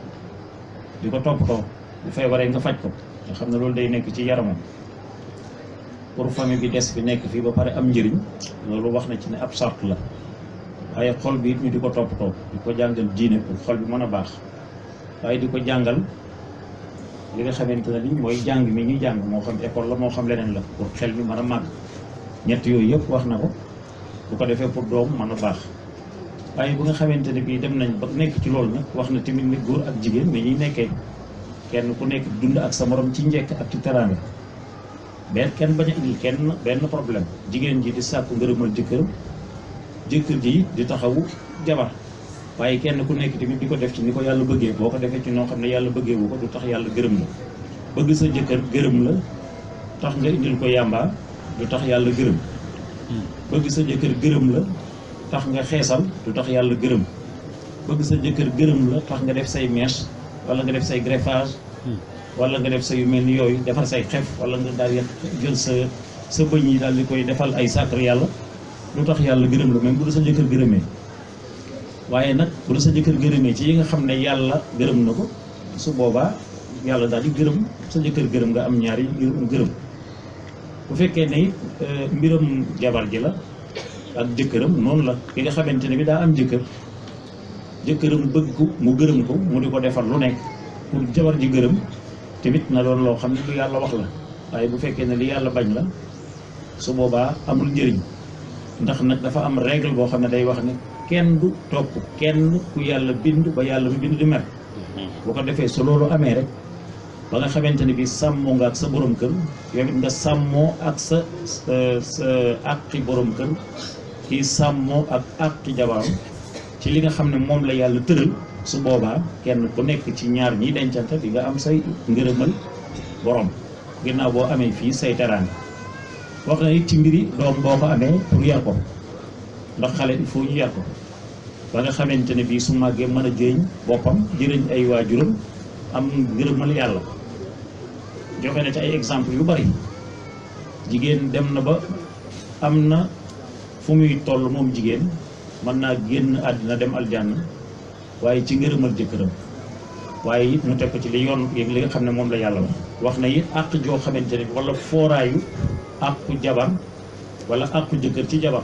top ko bu fay waré nga fajj ko xamna lool day nekk ci yaram pour famille bi dess bi nekk fi ba paré am njëriñ loolu waxna ci ne ab sart la ay xol bi ñu di ko top di ko jàngal diine pour xol bi mëna baax waaye di ko li nga xamante li moy jang mi ñuy jang mo xam école la mo xam leneen la pour xel bi mëna mag ñet yoy yëpp wax na ko bu ko defé pour doom mën a baax waaye bu nga xamanteni bi dem nañ ba nek ci lool nak wax na timit ni goor ak jigéen mais ñi nekké kenn ku nekk dund ak sa morom ci njekk ak ci teraanga ben kenn baña indi kenn ben problème jigéen ji di sàkku ngeureumal jëkkeur jëkkeur ji di taxawu jabar waye kenn ku nekk timit diko def ci niko yalla yàlla boko defé ci no xam yalla yàlla wu ko du tax yalla gëreum la bëgg sa jëkkeur gëreum la tax nga indi ko yamba du tax yalla gëreum bëgg sa jëkkër gërëm la tax nga xeesal lu tax yàlla gërëm bëgg sa jëkkër gërëm la tax nga def say mèche wala nga def say greffage wala nga def sa yu mel yooyu defal say xef walla nga daal jël sa bëñ yi daal di koy defal ay sàkkar yàlla lu tax yàlla gërëm la même bu la sa jëkkër gërëmee waaye nag bu la sa jëkkër gërëmee ci yi nga xam ne yàlla gërëm na ko su boobaa yàlla daal di gërëm sa jëkkër gërëm nga am ñaari gërëm bu fekke ne it e, mbiram jabar ji la ak jëkkëram non la ki nga xamanteni bi da am jëkkër jëkkëram bëgg mu gërëm ko mu diko ko lu nekk pour jabar ji gërëm tamit na doon lo xamni lu yalla wax la waye bu fekke ne li yalla bañ la su boba amul njëriñ ndax nak dafa am règle bo xamne day wax ni kenn du top kenn ku yalla bindu ba yalla bindu di mer mm-hmm. bu ko su lolu amé rek ba nga xamanteni bi sammo nga ak sa borom kër yow nga sammo ak sa sa àqi borom kër ki sammo ak àqi jabaam ci li nga xamne mom la yalla teureul su boba kenn ku nekk ci ñaar ñi dencanta bi nga am say ngeureumal borom ginnaaw bo amé fi say teraanga wax na ci mbiri doom boko amé pour yar ko ndax xalé il faut ñu yar ko ba nga xamanteni bi su magge mën a bopam jëriñ ay wajurum am ngeureumal yalla joxe na ci ay exemple yu bari jigéen dem na ba am na fu muy toll moom jigéen mën naa génn àddina dem aljanna waaye ci ngërëmal jëkkëram waaye it mu teg ko ci li yoon yéeg li nga xam ne moom la yàlla wax wax na it àq joo xamante ne wala fooraayu àqu jabar wala àqu jëkkër ci jabar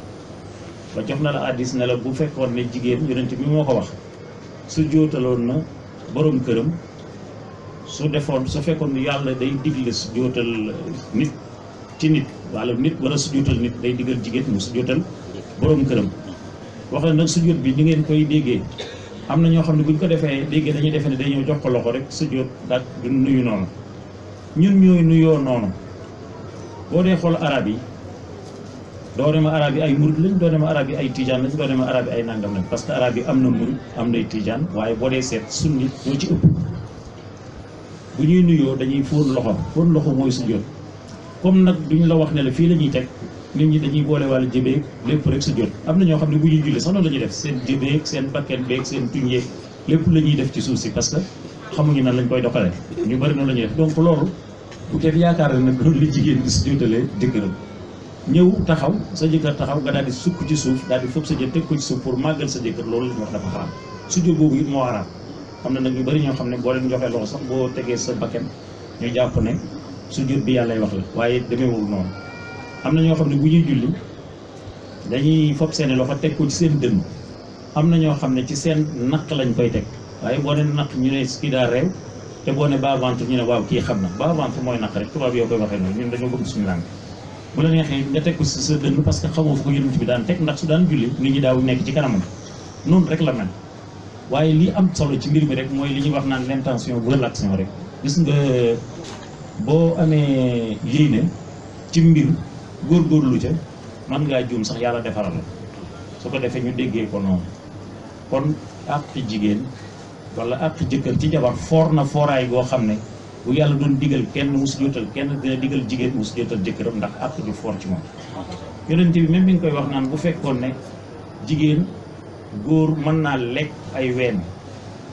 ba jox na la àddis ne la bu fekkoon ne jigéen yonent bi moo ko wax su jootaloon na borom këram su defoon su fekkoon yàlla day digle su jootal nit ci nit wala nit wala su jootal nit day digal jigéen mu su jootal boroom këram wax la nag su joot bi ñu ngeen koy déggee am na ñoo xam ne bu ñu ko defee déggee dañuy defee ne day ñëw jox ko loxo rek su joot daal du nuyu noonu ñun ñooy nuyoo noonu boo dee xool arab yi doo dem arab yi ay murid lañ doo dem arab yi ay tijaan lañ doo dem arab yi ay nangam lañ parce que arab yi am na murid am nay tijaan waaye boo dee seet sunni ñoo bu ñuy nuyoo dañuy fóon loxo fóon loxo mooy sujjóot comme nag duñu la wax ne la fii la ñuy teg nit ñi dañuy boole wàllu jëbeeg lépp rek sujjóot am na ñoo xam ne bu ñuy julli sax noonu la ñuy def seen jëbeeg seen bakkan beeg seen tuñ yeeg lépp la ñuy def ci suuf si parce que xamuñu nan lañ koy doxalee ñu bari noonu la def donc loolu bu yaakaar yaakaar nag loolu li jigéen di sujjóotalee jëkkëram ñëw taxaw sa jëkkër taxaw nga daal di sukk ci suuf daal di ci suuf pour màggal sa jëkkër loolu la ñu wax dafa xaraam sujjóot boobu am na nag ñu bëri ñoo xam ne boo leen joxee loxo sax boo tegee sa bakkan ñu jàpp ne bi yàllay wax la waaye demeewul noonu am na ñoo xam ne bu ñuy julli dañuy fob seeni loxo teg ko ci seen dënn am na ñoo xam ne ci seen naq lañ koy teg waaye boo ne naq ñu ne kii daa réew te boo ne kii xam na baa ventre mooy naq rek tubaab yoo koy waxee noonu ñun dañoo bëgg suñu langue bu la neexee nga teg ko ci sa dënn parce que xamoo fu ko yonent bi daan teg ndax su daan julli nit ñi daaw nekk ci kanamam noonu rek la mel waaye li am solo ci mbir bi rek mooy li ñuy wax naan l'intention wala l'action rek gis nga boo amee yéene ci mbir góorgóorlu ca mën ngaa juum sax yàlla defaral la su ko defee ñu déggee ko noonu kon àq jigéen wala àq jëkkër ci jabar foor na fooraay goo xam ne bu yàlla doon digal kenn musu jotal kenn digal jigéen musu jotal jëkkëram ndax àq ju foor ci moom yonente bi même nga koy wax naan bu fekkoon ne jigéen góor mën naa lekk ay ween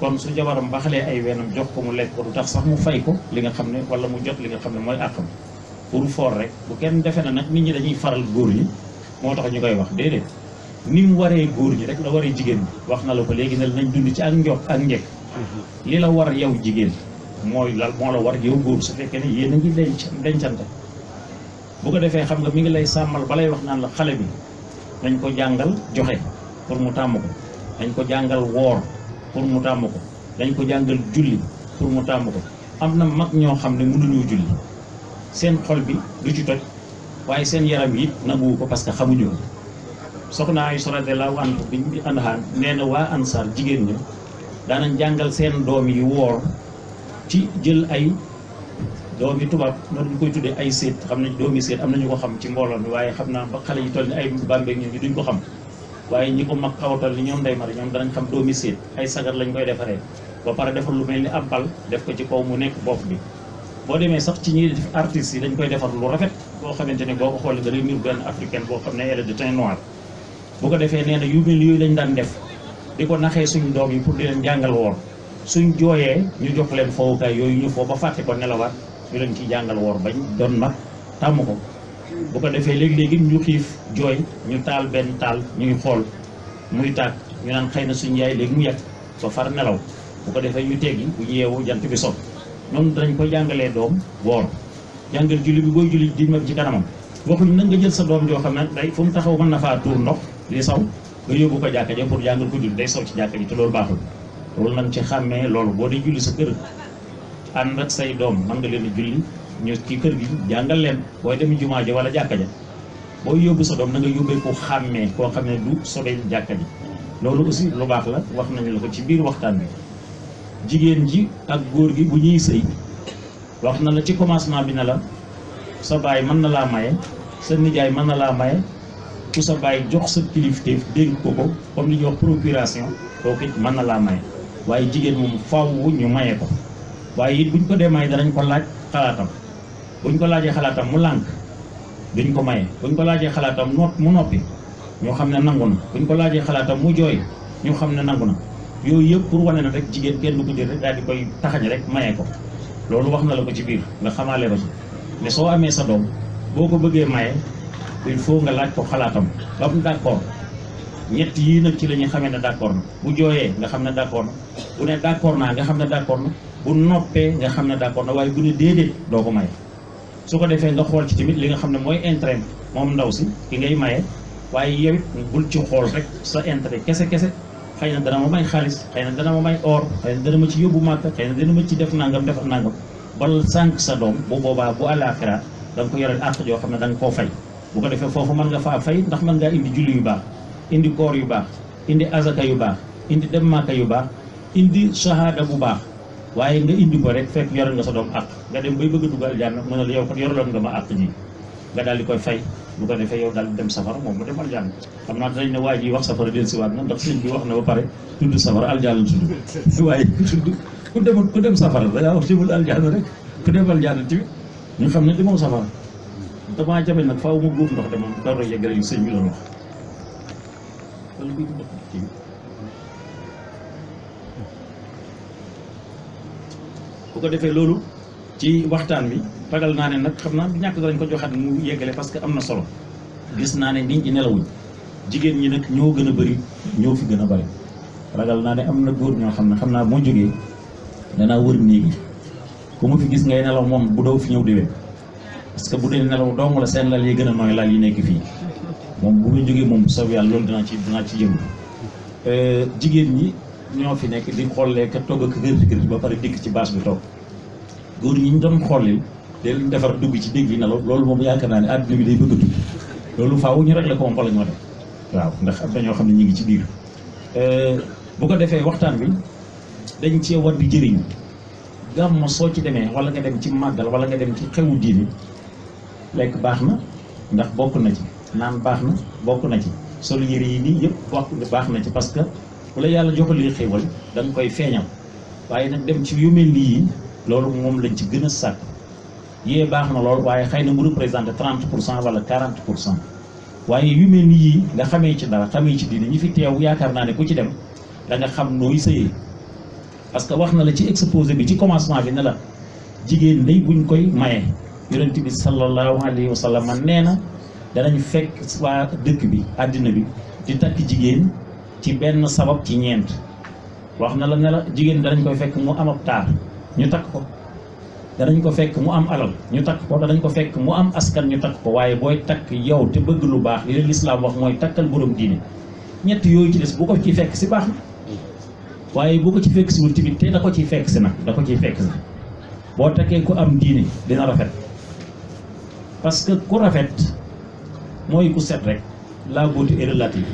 kon su jabaram baxalee ay weenam jox ko mu lekk ko tax sax mu fay ko li nga xam ne wala mu jot li nga xam ne mooy àqam pour foor rek bu kenn defe na nag nit ñi dañuy faral góor yi moo tax ñu koy wax déedéet ni mu waree góor ñi rek la waree jigéen ñi wax na la ko léegi ne nañ dund ci ak njokk ak njekk li la war yow jigéen mooy lal moo la war yow góor su fekkee ne yéen a ngi denc dencante bu ko defee xam nga mi ngi lay sàmmal balay wax naan la xale bi dañ ko jàngal joxe pour mu tàmm ko dañ ko jàngal woor pour mu tàmm ko dañ ko jàngal julli pour mu tàmm ko am na mag ñoo xam ne mënuñoo julli seen xol bi du ci toj waaye seen yaram yi nanguwu ko parce que xamuñu ko soxna Aysa radiyallaahu anha bi ñu anhaan nee na waa ansaar jigéen ñi daanañ jàngal seen doom yi woor ci jël ay doom yi tubaab noonu ñu koy tuddee ay séet xam nañ nañu ko xam ci mbooloo mi waaye xam naa xale yi toll ni ay bàmbeeg ñun duñ ko xam waaye ñi ko mag kawatal li ñoom day Marie ñoom danañ xam doomi séet ay sagar lañ koy defaree ba pare defar lu mel ni ab bal def ko ci kaw mu nekk bopp bi boo demee sax ci ñi def yi dañ koy defar lu rafet boo xamante ne boo ko xoolee da lay niru benn africaine boo xam ne elle est de teint noir bu ko defee nee na yu mel yooyu lañ daan def di ko naxee suñu doom yi pour di leen jàngal woor suñ jooyee ñu jox leen fowukaay yooyu ñu foo ba fàtte ko nelawaat ñu leen ciy jàngal woor bañ doon mag tàmm ko bu ko defee léegi-léegi ñu xiif jooy ñu taal benn taal ñuy xool muy tàkk ñu naan xëy na suñu yaay léegi mu yàq ba far nelaw bu ko defee ñu teggi bu yeewu jant bi so noonu dañ ko jàngalee doom woor jàngal julli bi booy julli di mag ci kanamam waxuñ nag nga jël sa doom joo xam ne day fu mu taxaw mën na faa tuur ndox di saw nga yóbbu ko jàkka ja pour jàngal ko julli day saw ci jàkka ji te loolu baaxul loolu nañ ci xàmmee loolu boo dee julli sa kër ànd ak say doom mën leen di julli ñu ci kër gi jàngal leen booy dem jumaa ji wala jàkka ja boo yóbbu sa doom na nga yóbbee ko xàmmee koo xam ne du sobee jàkka ji loolu aussi lu baax la wax nañu la ko ci biir waxtaan bi jigéen ji ak góor gi bu ñuy sëy wax na la ci commencement bi na la sa baay mën na laa maye sa nijaay mën na laa maye ku sa baay jox sa kilifteef dénk ko ko comme li ñuy wax procuration kooku it mën na laa maye waaye jigéen moom faaw ñu maye ko waaye it buñ ko dee ko laaj buñ ko laajee xalaatam mu lànk duñ ko maye buñ ko laajee xalaatam noot mu noppi ñoo xam ne nangu na buñ ko laajee xalaatam mu jooy ñu xam ne nangu na yooyu yëpp pour wane na rek jigéen kenn du ko jël rek daal di koy taxañ rek maye ko loolu wax na la ko ci biir nga xamaale ba ci mais soo amee sa doom boo ko bëggee maye il nga laaj ko xalaatam ba mu d'accord ñett yii nag ci la ñuy xamee ne d'accord na bu jooyee nga xam ne d'accord na bu ne d'accord naa nga xam ne d'accord na bu noppee nga xam ne d'accord na waaye bu ne déedéet doo ko maye su ko defee nga xool ci tamit li nga xam ne mooy intérêt moom ndaw si ki ngay maye waaye yow gul bul ci xool rek sa intérêt kese kese xëy na dana ma may xaalis xëy na dana ma may or xëy na dana ma ci yóbbu màkk xëy na dana ma ci def nangam defal nangam bal sànq sa doom bu boobaa bu àllaaxira da nga ko yoreel àq joo xam ne da nga koo fay bu ko defee foofu mën nga faa fay ndax mën ngaa indi julli yu baax indi koor yu baax indi azaka yu baax indi dem màkka yu baax indi shahada bu baax waaye nga indi ko rek fekk yaral nga sa doom àq nga dem bay bëgg a dugg aljanna na ne la yow kat yoraloon nga ma nga daal di koy fay bu ko defee yow daal di dem safara moom mu dem aljanna xam naa dinañ ne waa ji wax safara del siwaat na ndax sëñ bi wax na ba pare tudd safara aljanna tudd waaye tudd ku demul ku dem safara dangaa wax jëmul aljanna rek ku dem aljanna tamit ñu xam ne li moom safara damaa jabe nag faaw ma góob ndox de moom dara yeggale yu sëñ bi doon ko defee loolu ci waxtaan wi ragal naa ne nag xam naa du ñàkk darañ ko joxaat mu yeggale parce que am na solo gis naa ne nit ñi nelawuñ jigéen ñi nag ñoo gën a bëri ñoo fi gën a bari ragal naa ne am na góor ñoo xam ne xam naa moo jógee danaa wër néeg yi ku mu fi gis ngay nelaw moom bu doo fi ñëw déwén parce que bu dee nelaw dong la seen lal yi gën a nooy lal yi nekk fii moom bu nga jógee moom bu soobee yàlla loolu danaa ci dinaa ci yëngu euh, jigéen ñi ñoo fi nekk di xollee ka togg ak gërëm ba pare dikk ci baas bi toog góor yi ñu doon xollil lu defar dugg ci dégg yi na loolu moom yaakaar naa ne àdduna bi day bëgg a dugg loolu faw ñu réglé ko moom bala ñoo waaw ndax am ñoo xam ne ñu ngi ci biir eh, bu ko defee waxtaan bi dañ cee war di jëriñ gàmmu soo ci demee wala nga dem ci màggal wala nga dem ci xewu diini lekk baax na ndax bokk na ci naan baax na bokk na ci solu yëre yi nii yëpp baax na ci parce que. wala yàlla joxalee xéwal da nga koy feeñal waaye nag dem ci yu mel nii loolu moom lañ ci gën a sàkk yee baax na lool waaye xëy na mu représenté 30 pour cent wala 40 pour cent waaye yu mel yii nga xamee ci dara xamee ci diine ñi fi teew yaakaar naa ne ku ci dem danga nga xam nooy sëyee parce que wax na la ci exposé bi ci commencement bi ne la jigéen day buñ koy maye yonent bi sallallahu alayhi wa sallam nee na danañ fekk waa dëkk bi àddina bi di takk jigéen. ci benn sabab ci ñeent wax na la ne la jigéen danañ koy fekk mu am ab taar ñu takk ko danañ ko fekk mu am alal ñu takk ko danañ ko fekk mu am askan ñu takk ko waaye booy takk yow te bëgg lu baax li lislaam wax mooy takkal borom diine ñett yooyu ci des bu ko ci fekk si baax na waaye boo ko ci fekk si wul tamit te da ko ciy fekk si nag da ko ciy fekk si boo takkee ku am diine dina rafet parce que ku rafet mooy ku set rek la beauté est relative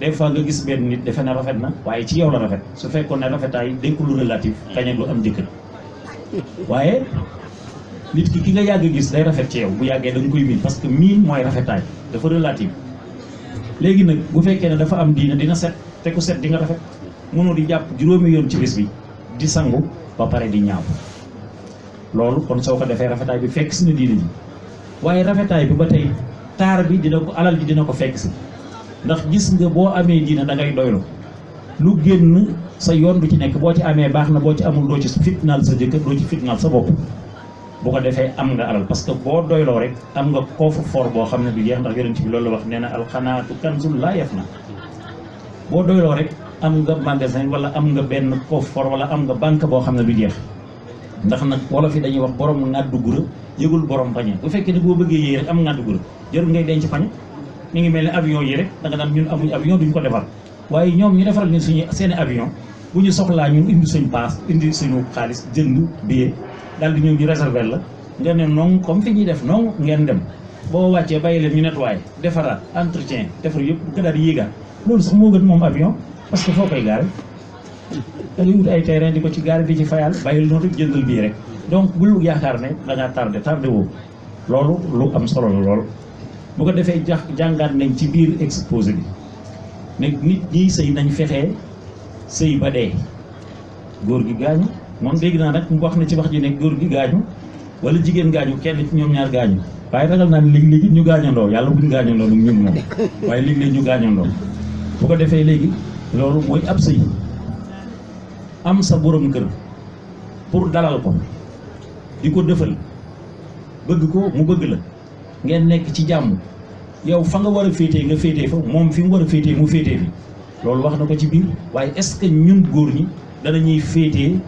des fois nga gis benn nit defe na rafet na waaye ci yow la rafet su fekkoon ne rafetaay dénk lu relatif kañ lu am na waaye nit ki ki nga yàgg gis day rafet ci yow bu yàggee da nga koy miin parce que miin mooy rafetaay dafa relatif léegi nag bu fekkee ne dafa am diina dina set te ku set di nga rafet mënoo di jàpp juróomi yoon ci gis bi di sangu ba pare di ñaaw loolu kon soo ko defee rafetaay bi fekk si na diina ji waaye rafetaay bi ba tey taar bi dina ko alal ji dina ko fekk si ndax gis nga bo amé diina da ngay doylo lu génn sa yoon du ci nek bo ci amé baxna na ci amul do ci fitnal sa jëkkër do ci fitnal sa bop bu ko défé am nga alal parce que bo doylo rek am nga kofu for bo xamné du jeex ndax yonent bi loolu wax néna na alxanaatu kanzul la yafna bo doylo rek am nga magasin wala am nga ben koofu for wala am nga banque bo xam du jeex ndax nak wala fi dañuy wax borom ngàddu gura yegul borom bañe bu fekkee ni bo bëggee yéey rek am nga gura jërul ngay denc fañ mi ngi mel ni avion yi rek da nga naan ñun amuñu avion duñ ko defar waaye ñoom ñu defaral ñun suñu seen avion bu ñu soxlaa ñun indi suñu paas indi suñu xaalis jënd billet daal di ñëw ñu réserver la nga ne noonu comme fi ñuy def noonu ngeen dem boo wàccee bàyyi leen ñu nettoyé defaraat entretien defar yëpp bu ko daal yéegaat loolu sax moo gën moom avion parce que foo koy gaare dañuy wut ay terrain di ko ci gaare di ci fayal bàyyil noonu rek jëndal bii rek donc bul yaakaar ne da tardé tardé woo loolu lu am solo la lool bu ko defee jax jàngaat nañ ci biir exposé bi ne nit ñi sëy nañ fexee sëy ba dee góor gi gaañu moom dégg naa nag mu wax na ci wax ji ne góor gi gaañu wala jigéen gaañu kenn ci ñoom ñaar gaañu waaye ragal naa lig léegi ñu gaañandoo yàlla buñ gaañandoo nag ñun moom waaye léegi-léegi ñu gaañandoo bu ko defee léegi loolu mooy ab sëy am sa borom kër pour dalal ko di ko dëfal bëgg ko mu bëgg la ngeen nekk ci jàmm yow fa nga war a féetee nga féetee fa moom fi mu war a féetee mu féetee fi loolu wax na ko ci biir waaye est-ce que ñun góor ñi ñuy féetee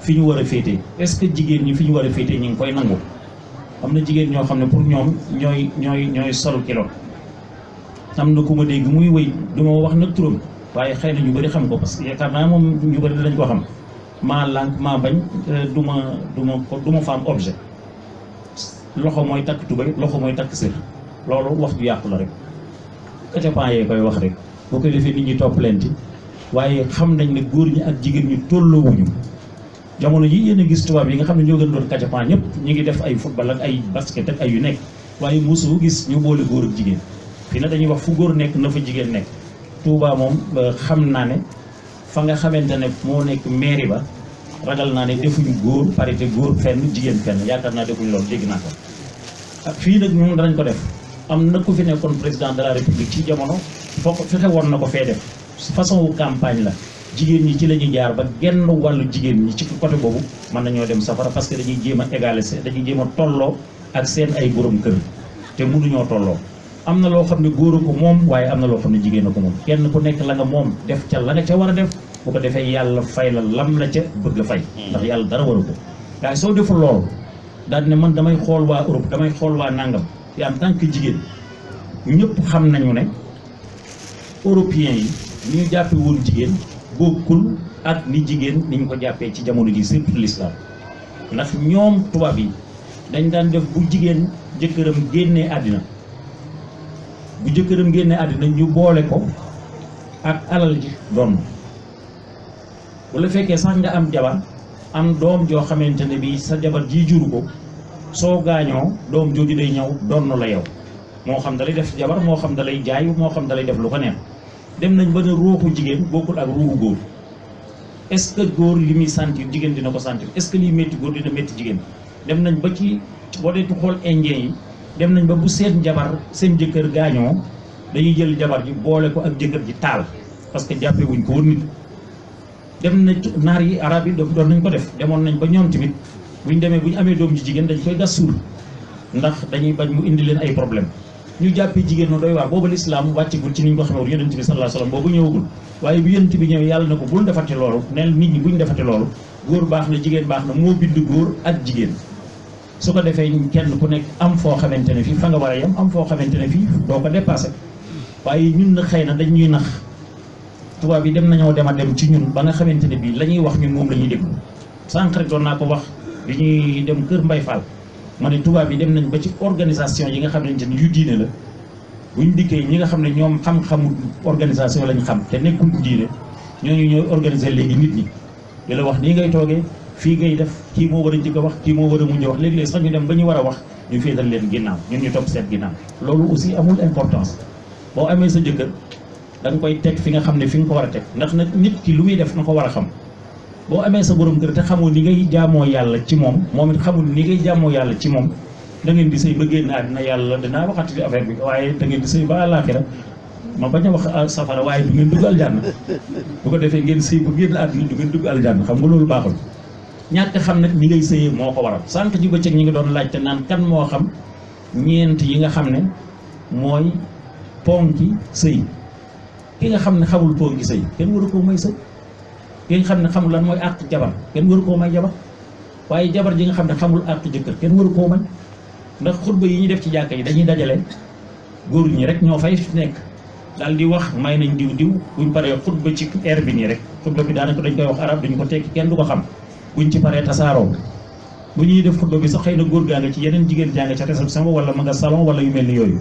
fi ñu war a féetee est-ce que jigéen ñi fi ñu war a féetee ñu ngi koy nangu am na jigéen ñoo xam ne pour ñoom ñooy ñooy ñooy sol kilo am na ku ma dégg muy wéy du ma wax nag turam waaye xëy na ñu bëri xam ko parce que yaakaar naa moom ñu bëri dinañ ko xam maa lànk maa bañ euh, du ma du ma du ma fa am objet loxo mooy takk tubay loxo mooy takk sër loolu wax ju yàqu la rek catapans yee koy wax rek boo koy defee nit ñi topp leen ci waaye xam nañ ne góor ñi ak jigéen ñi tolloowuñu jamono yi yéen a gis tubaab yi nga xam ne ñoo gën doon catapans ñëpp ñu ngi def ay football ak ay basket ak ay yu nekk waaye mosu gis ñu boole góor ak jigéen fii nag dañuy wax fu góor nekk na fa jigéen nekk Touba moom euh, xam naa ne fa nga xamante ne moo nekk mairie ba ragal naa ne defuñu góor parité góor fenn jigéen fenn yaakaar naa defuñu loolu dégg naa ko ah, fii nag ñun danañ ko def am na ku fi nekkoon président de la république ci jamono fokk fexe woon na ko fee def façon campagne la jigéen ñi ci la ñuy jaar genn wàllu jigéen ñi ci côté boobu mën nañoo dem safara parce que dañuy jéem a égaler dañuy jéem a tolloo ak seen ay borom kër te mënuñoo tolloo am na loo xam ne góor a ko am na loo xam ne jigéen a moom kenn ku nekk la nga moom def ca la nga ca war a def bu ko defee yàlla fay la lam la ca bëgg a fay. ndax yàlla dara waru ko. waaye soo deful loolu daal ne man damay xool waa Europe damay xool waa Nangam te en tant que jigéen ñëpp xam nañu ne européens yi ni ñu jàppee woon jigéen bokkul ak ni jigéen ni ñu ko jàppee ci jamono ji surtout l'islam ndax ñoom tubaab yi dañ daan def bu jigéen jëkkëram génnee àddina bu jëkkëram génnee àddina ñu boole ko ak alal ji doon. wala fekkee sax nga am jabar am doom joo xamante ne bii sa jabar ji juru ko soo gaañoo doom jooju day ñëw donn la yow moo xam da lay def jabar moo xam da lay jaay moo xam da lay def lu ko neex dem nañ ba ne ruuxu jigéen bokkul ak ruuxu góor est-ce que góor li muy sentir jigéen dina ko sentir est-ce que liy métti góor dina métti jigéen dem nañ ba ci boo dee xool indien yi dem nañ ba bu seen jabar seen jëkkër gaañoo dañuy jël jabar ji boole ko ak jëkkër ji taal parce que jàppee ko woon dem na naar yi arab yi doon nañ ko def demoon nañ ba ñoom tamit bu ñu demee bu ñu amee doom ji jigéen dañ koy gas suul ndax dañuy bañ mu indi leen ay problème ñu jàppee jigéen noonu doy waa boobu lislaam wàccigul ci ni ñu ko xamee woon yonent sa sallallahu alayhi wasallam boobu ñëwagul waaye bu yonent bi ñëwee yàlla na ko bul defati loolu neen nit ñi buñ defate loolu góor baax na jigéen baax na moo bind góor ak jigéen su ko defee kenn ku nekk am foo xamante ne fii fa nga war yem am foo xamante ne fii doo ko dépassé waaye ñun na xëy na dañ ñuy nax tubaab yi dem nañoo dem a dem ci ñun ba nga xamante ne bii la ñuy wax ñu moom la ñuy déglu sànq rek doon naa ko wax bi ñuy dem Kër Mbay Fall ma ne tubaab yi dem nañ ba ci organisation yi nga xamante ne yu diine la bu ñu ñi nga xam ne ñoom xam-xamu organisation lañ xam te nekkul diine ñooñu ñooy organiser léegi nit ñi di la wax nii ngay toogee fii ngay def kii moo war a njëkk a wax kii moo war a mujj wax léeg-léeg sax ñu dem ba ñu war a wax ñu féetal leen ginnaaw ñun ñu topp seet ginnaaw loolu aussi amul importance boo amee sa jëkkër da koy teg fi nga xam ne fi nga ko war a teg ndax nag nit ki lu muy def na ko war a xam boo amee sa borom kër te xamoo ni ngay jaamoo yàlla ci moom moom it xamul ni ngay jaamoo yàlla ci moom da ngeen di sëy ba génn àddina yàlla dinaa waxati ci affaire bi waaye da ngeen di sëy ba àllaaxira ma a safara waaye du bu ko defee ngeen sëy ba génn àddina du ngeen dugg aljanna xam nga loolu baaxul ñàkk xam nag ni ngay sëyee moo ko waral sànq ji bëccëg ñi ngi doon laajte naan kan moo xam ñeent yi nga xam ne mooy ponki sëy ki nga xam ne xamul koo ngi sëy kenn waru koo may sëy ki xam ne xamul lan mooy àq jabar kenn waru koo may jabar waaye jabar ji nga xam ne xamul àq jëkkër kenn waru koo may ndax xutba yi ñuy def ci jàkka yi dañuy dajale góor ñi rek ñoo fay nekk daal di wax may nañ diw diw buñ paree xutba ci air bi rek xutba bi daanaka dañ koy wax arab duñ ko tekki kenn du ko xam buñ ci paree tasaaroo bu ñuy def xutba bi sax na góor gaa nga ci yeneen jigéen jaa nga ca wala ma nga wala yu mel ni yooyu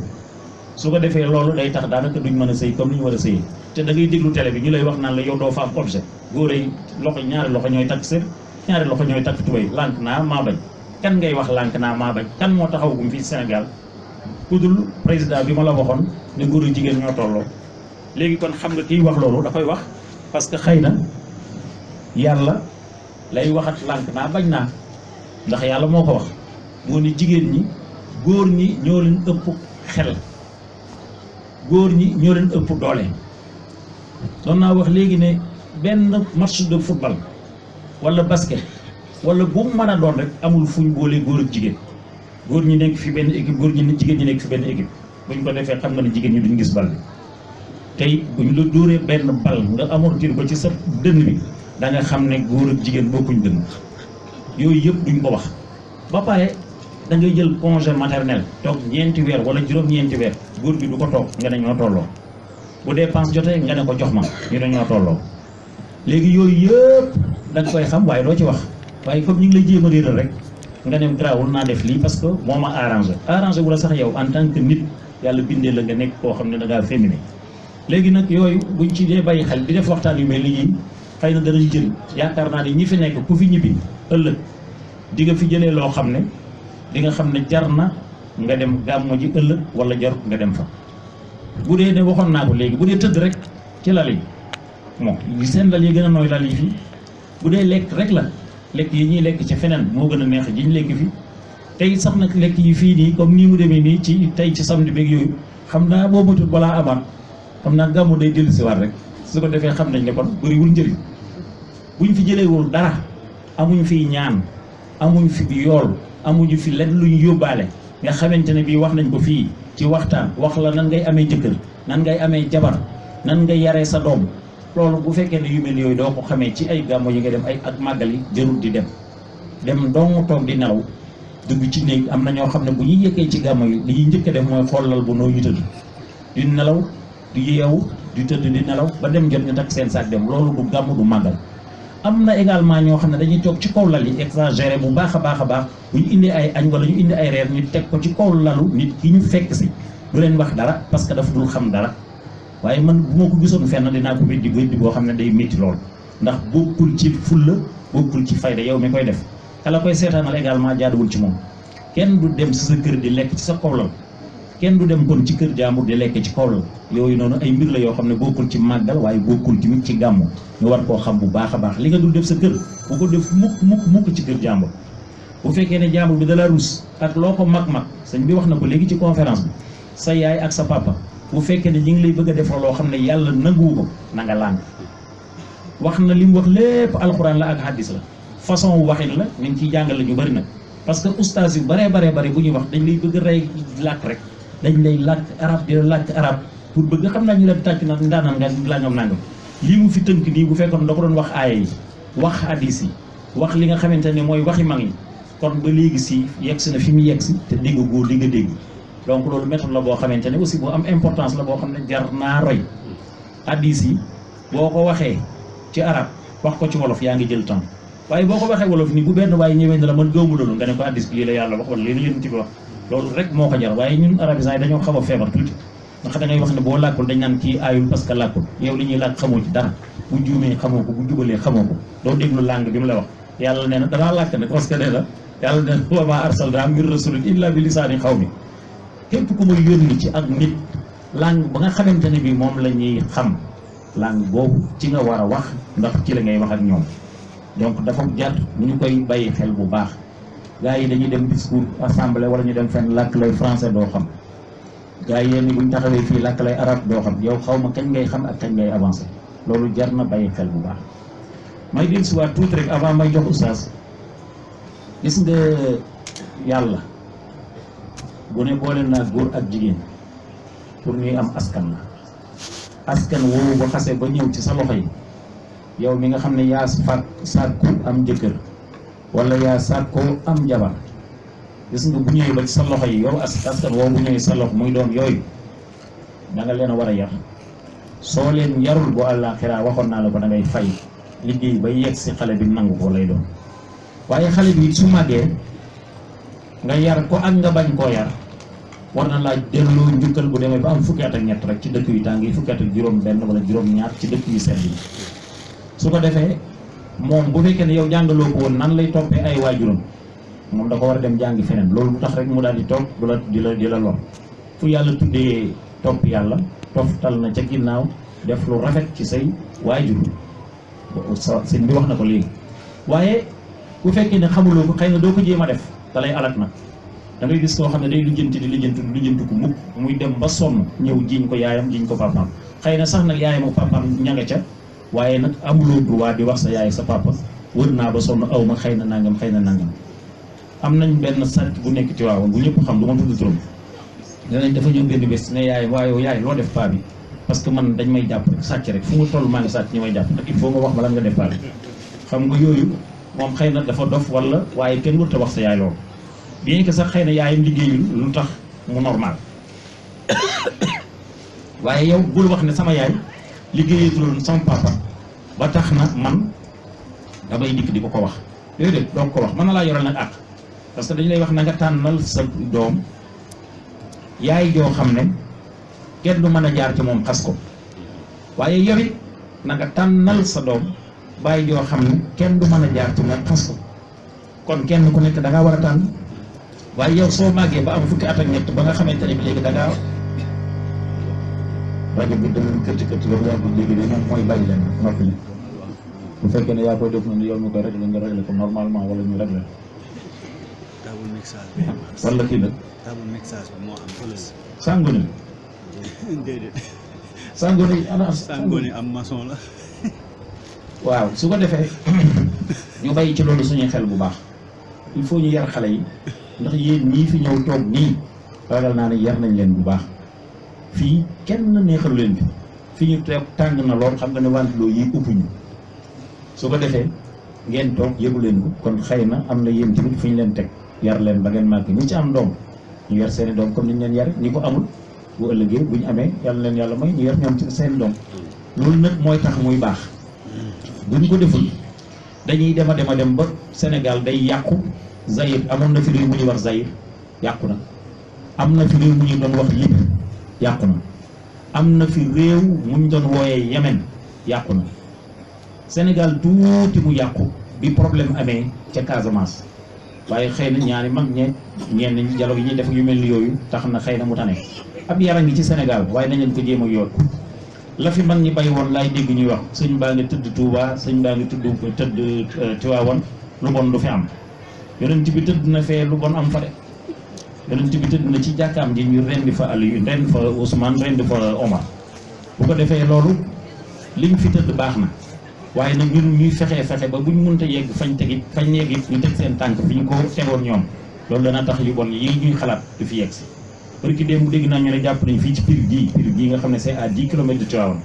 su ko defee loolu day tax daanaka duñ mën a sëy comme ni ñu war a sëyee te da ngay déglu télé bi ñu lay wax naan la yow doo fa am objet góor yi loxo ñaari loxo ñooy takk sër ñaari loxo ñooy takk tubéy lànk naa maa bañ kan ngay wax lànk naa maa bañ kan moo taxaw gum fii senegal ku dul président bi ma la waxoon ne góor yu jigéen ñoo tolloo léegi kon xam nga kiy wax loolu da koy wax parce que xëy na yàlla lay waxat lànk naa bañ naa ndax yàlla moo ko wax moo ni jigéen ñi góor ñi ñoo leen xel góor ñi ñoo leen ëpp doole doon naa wax léegi ne benn match de football wala basket wala bu mu mën a doon rek amul fu ñu boole góor ak jigéen góor ñi nekk fi benn équipe góor ñi ne jigéen ñi nekk fi benn équipe bu ñu ko defee xam nga ne jigéen ñi duñu gis bal bi tey bu ñu la dóoree benn bal nga amortir ba ci sa dënn bi da xam ne góor ak jigéen bokkuñ dënn yooyu yëpp duñu ko wax ba pare da ngay jël congé maternel toog ñeenti weer wala juróom-ñeenti weer. góor bi du ko tok nga dañu tolo bu dépense jotee nga ne ko jox ma ñu dañu tolo tolloo yoy yooyu yëpp da nga koy xam way lo ci wax way comme ñu ngi lay jéem a rek nga ne grawul na def li parce que moma arrangé arrangé wu la sax yow en tant que nit yalla bindé la nga nek ko xamné da nga féminé léegi nak yoy buñ ci dé bay xal di def waxtaan yu mel ni xëy na danañ jël yaakar na ni ñi fi nek ku fi ñibi ëlëk di nga fi jëlé lo xamné di nga xamné jarna nga dem gàmmu ji ëllëg wala jarut nga dem fa bu dee de waxoon naa ko léegi bu dee tëdd rek ci lal yi bon seen lal yi gën a nooy lal yi fii bu dee lekk rek la lekk yi ñuy lekk ci feneen moo gën a neex ji ñu lekk fii tey sax nag lekk yi fii nii comme nii mu demee nii ci tey ci samedi beeg yooyu xam naa boo matul balaa amaat xam naa gàmmu day dellu si waat rek su ko defee xam nañ ne kon bëriwul njëriñ buñ fi jëleewul dara amuñ fi ñaan amuñ fi yool amuñu fi lenn nga xamante ne bii wax nañ ko fii ci waxtaan wax la nan ngay amee jëkkër nan ngay amee jabar nan ngay yaree sa doom loolu bu fekkee ne yu mel yooyu doo ko xamee ci ay gàmmo yi nga dem ay ak màggal yi jërul di dem dem dong toog di nelaw dugg ci néeg am na ñoo xam ne bu ñuy yëkkee ci gàmmo yi li njëkk a def mooy xoolal bu noo ñu tëdd di nelaw di yeewu di tëdd di nelaw ba dem jot ñu takk seen saak dem loolu du gàmm du màggal am na également ñoo xam ne dañuy toog ci kaw lal yi exagéré bu baax a baax a baax bu ñu indi ay añ wala ñu indi ay reer ñu teg ko ci kaw lalu nit ki ñu fekk si du leen wax dara parce que dafa dul xam dara waaye man bu ma ko gisoon fenn dinaa ko weddi weddi boo xam ne day métti lool ndax kul ci fulla bokkul ci fayda yow mi koy def kala koy seetaanal également jaaduwul ci moom kenn du dem si sa kër di lekk ci sa kaw kenn du dem kon ci kër jaamu di lek ci xol yooyu nonu ay mbir la yo xamne bokul ci magal waye bokul ci tamit ci gamu ñu war koo xam bu baaxa baax li nga dul def sa kër bu ko def mukk mukk mukk ci kër jaamu bu fekke ne jaamu bi dala rus ak loko ko mag-mag sëñ bi wax na ko legi ci conférence bi sa yaay ak sa papa bu fekke ne ñi ngi lay bëgg def lo loo yalla ne ko na nga lan wax na lim wax lepp alquran la ak hadith la façon waxin la ñu ci jangal ñu bari nag parce que oustaz yu bare bare bari bu ñu wax dañ lay bëgg rey lak rek dañ lay lacc arab di lacc arab pour bëgg xam nañu ñu tacc na ndanam ndaanam la ñom nangam li mu fi teunk ni bu fekkon da ko doon wax ay wax hadisi wax li nga xamantene moy waxi mag kon ba legi si yex na fi mu yegg te dégg go li nga dégg donc lolu méthode la bo xamantene aussi bu am importance la bo xamne jar na roy hadisi boko waxe ci arab wax ko ci wolof yaa ngi jël tam waye boko waxe wolof ni bu benn waaye ñewé na la man gëwmu lolu nga ne ko hadis bi la yalla wax wala lii ci wax loolu rek moo ko jar waaye ñun arabisants yi dañoo xaw a feebar tuuti ndax dañuy wax ne boo làkkul dañ naan kii aayul parce que làkkul yow li ñuy làkk xamoo ci dara bu juumee xamoo ko bu jubalee xamoo ko doo déglu langue bi mu la wax yàlla nee na danaa làkk nag parce que nee na yàlla nee na wa maa arsalnaa min rasulin la bi lisaani qawmi képp ku ma yónni ci ak nit langue ba nga xamante ne bi moom la ñuy xam langue boobu ci nga war a wax ndax ci la ngay wax ak ñoom donc dafa jar ñu koy bàyyi xel bu baax gars yi dañuy dem discours assemblée wala ñu dem fenn làkk lay français doo xam gaa yi yéen bu ñu taxawee fii làkk lay arab doo xam yow xaw ma kañ ngay xam ak kañ ngay avancé loolu jar na bàyyi xel bu baax. may dil si tuuti rek avant may jox oustaz gis nga yàlla bu ne boole naa góor ak jigéen pour ñuy am askan la askan woowu ba xase ba ñëw ci sa loxo yi yow mi nga xam ne yaa fàkk ku am jëkkër. wala yaa sàkkoo am jabar gis nga bu ñëwee ba ci sa loxo yi yow as askan woo bu ñëwee sa loxo muy doom yooyu da nga leen war a yar soo leen yarul bu àllaaxiraa waxoon naa la ko da ngay fay liggéey ba yegg si xale bi nangu ko lay doon waaye xale bi su màggee nga yar ko ak nga bañ koo yar war na laa delloo njukkal bu demee ba am fukki at ak ñett rek ci dëkk yu tàng yi fukki at ak juróom benn wala juróom ñaar ci dëkk yu sedd yi su ko defee moom bu fekkee ne yow jàngaloo ko woon nan lay toppee ay waajuram moom da ko war a dem jàngi feneen loolu lu tax rek mu daal di toog du la di la di la lor fu yàlla tuddee topp yàlla toftal na ca ginnaaw def lu rafet ci say waajur sëñ bi wax na ko léegi waaye bu fekkee ne xamuloo ko xëy na doo ko jéem a def da lay na nag da gis koo xam ne day lijjanti di lijjanti di lijjanti ko muy dem ba sonn ñëw jiñ ko yaayam jiñ ko papaam xëy na sax nag yaayam ak papaam ña ca waaye nag amuloo waa bi wax sa yaay sa papa wër naa ba sonn aw ma xëy na nangam xëy na nangam am nañ benn sàcc bu nekk ci waaw bu ñëpp xam du ma tudd turam danañ dafa ñëw benn bés ne yaay waaye yaay loo def paa parce que man dañ may jàpp sàcc rek fu mu toll maa ngi sàcc ñu may jàpp nag il faut nga wax ma lan nga def paa xam nga yooyu moom xëy na dafa dof wala waaye kenn warut wax sa yaay loolu bien que sax xëy na yaayam liggéeyul lu tax mu normal waaye yow bul wax ne sama yaay liggéeyatuloon sama papa ba tax na man damay dikk di ko wax dede do ko wax man la yoral nak ak parce que dañ lay wax na nga tanal sa dom yaay jo xamne kenn du mën jaar ci mom xass ko waye yori na nga tanal sa dom bàyyi jo xamne kenn du mën jaar ci mom xass ko kon kenn ku nek da nga wara tan waye yow so magge ba am fukki atak net ba nga xamanteni bi legi da nga rajo bi danañ kërti kërti ba mu yàgg léegi ne moom mooy bu fekkee ne yaa koy mi koy réglé nga réglé ko normalement wala ñu réglé wala kii nag sàngone yi ana sàngone am maçon la waaw su ko defee ñu bàyyi ci loolu suñuy xel bu baax il faut ñu yar xale yi ndax yéen ñii fi ñëw toog nii ragal naa ne yar nañ leen bu baax fii kenn neexalu leen bi fi ñu toog tàng na lool xam nga ne wanteloo yi ëpp ñu su ko defee ngeen toog yëgu leen ko kon xëy na am na yéen tamit fi ñu leen teg yar leen ba ngeen màgg ñi ci am doom ñu yar seeni doom comme ni leen yare ñi ko amul bu ëllëgee bu ñu amee yàlla leen yàlla mooy ñu yar ñoom ci seeni doom loolu nag mooy tax muy baax ñu ko deful dañuy dema dema dem ba Sénégal day yàqu Zaïre amoon na fi réew mu ñuy wax Zaïre yàqu na am na fi réew mu ñu doon wax Libre yàqu am na fi réew muñ doon wooyee Yemen yàqu na Sénégal tuuti mu yàqu bi problème amee ca Casamance waaye xëy na ñaari mag ñe ñenn ñi dialogue yi ñu def yu mel ni yooyu tax na xëy na mu tane ab yaram ngi ci Sénégal waaye nañ leen ko jéem a yoot la fi mag ñi bay woon laay dégg ñuy wax sëñ baa ngi tëdd Touba sëñ baa ngi tëdd tëdd euh, Tiwaawan lu bon du fi am yonent bi tëdd na fee lu bon am fa de yonent bi tëdd na ci jàkkaam di ñu rend fa ali rend fa usman rend fa Omar bu ko defé lolu liñ fi tëdd baxna waye nak ñun ñuy fexé fexé ba buñ mënta yegg fañ tegi fañ neegi ñu tek seen tank fiñ ñu ko tegoon ñoom loolu dana tax yu bon yi ñuy xalat du fi yegg ci barki dem démb dégg naa ñu la japp nañ fi ci pir gi pir gi nga xamné c'est à 10 km de Tivaouane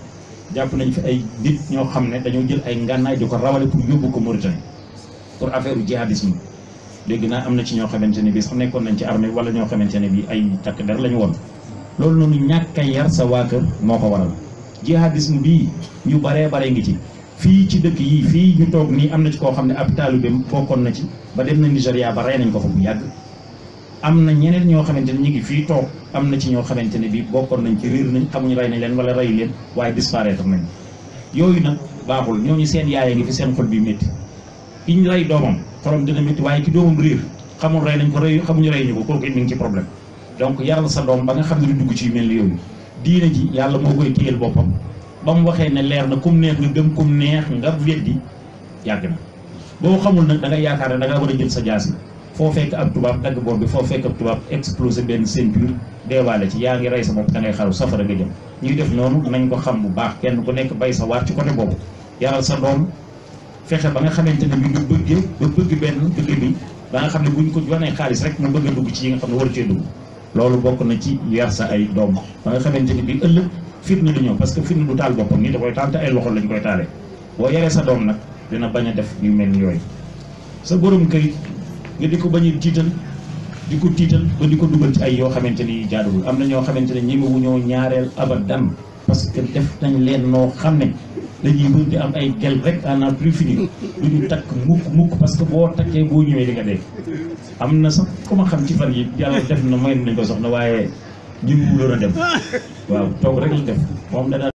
japp nañ fi ay nit ño xamné dañu jël ay ngannaay diko rawalé pour yobbu ko Mauritanie pour affaire jihadisme léegi naa am na ci ñoo xamante ne bii sax nekkoon nañ ci armée wala ñoo xamante ne bii ay takk der la ñu woon loolu noonu ñàkk a yar sa waa kër moo ko waral jihadisme bii ñu baree bare ngi ci fii ci dëkk yi fii ñu toog nii am na ci koo xam ne ab taalibeem bokkoon na ci ba dem na Nigéria ba rey nañ ko fa bu yàgg am na ñeneen ñoo xamante ne ñu ngi fii toog am na ci ñoo xamante ne bii bokkoon nañ ci riir nañ xamuñu rey nañ leen wala rey leen waaye disparaître nañ yooyu nag baaxul ñooñu seen yaay ngi fi seen xol bi métti ki ñu rey doomam xorom dina métti waaye ki doomam réer ko rey xamuñu rey ñu ko kooku it mi ngi ci problème donc yaral sa doom ba nga xam ne dugg ci mel ni yooyu diine ji yàlla moo koy téyel boppam mu waxee ne leer na kum neex nga gëm kum neex nga weddi yàgg na boo xamul nag da nga yaakaar ne da ngaa war a jël sa jaas yi foo fekk ab tubaab dagg boor bi foo fekk ab tubaab explosé benn ceinture deewaale ci yaa ngi rey sa bopp da ngay xaru safara nga jëm ñuy def noonu nañ ko xam bu baax kenn ku nekk bay sa waar ci côté boobu yaral sa doom fexé ba nga xamante ne bi du ba bëgg bénn dëkk bi ba nga xamné buñ ko wanee xaaliss rek mu bëgg dugg ci nga xamné ne ci dugg loolu bokk na ci yar sa ay doom ba nga xamante ne bi ëlëk fitna du ñëw parce que fitna du taal boppam nii da koy taal te ay loxol lañ koy taalee bo yaree sa doom nak dina baña def yu mel ni yooyu sa borom kay nga diko bañu bañ diko tital ba diko duggal ci ay yo xamanteni jaadul amna ño xamanteni ñi mu abadan parce que def nañ leen no xamne dañuy mën di am ay gel rek à n'en plus finir du ñu takk mukk mukk parce que boo takkee boo ñëwee di nga dee am na sax ku ma xam ci fan yi yàlla def na may nañ ko soxna waaye ñu mu a dem waaw toog rek la def moom da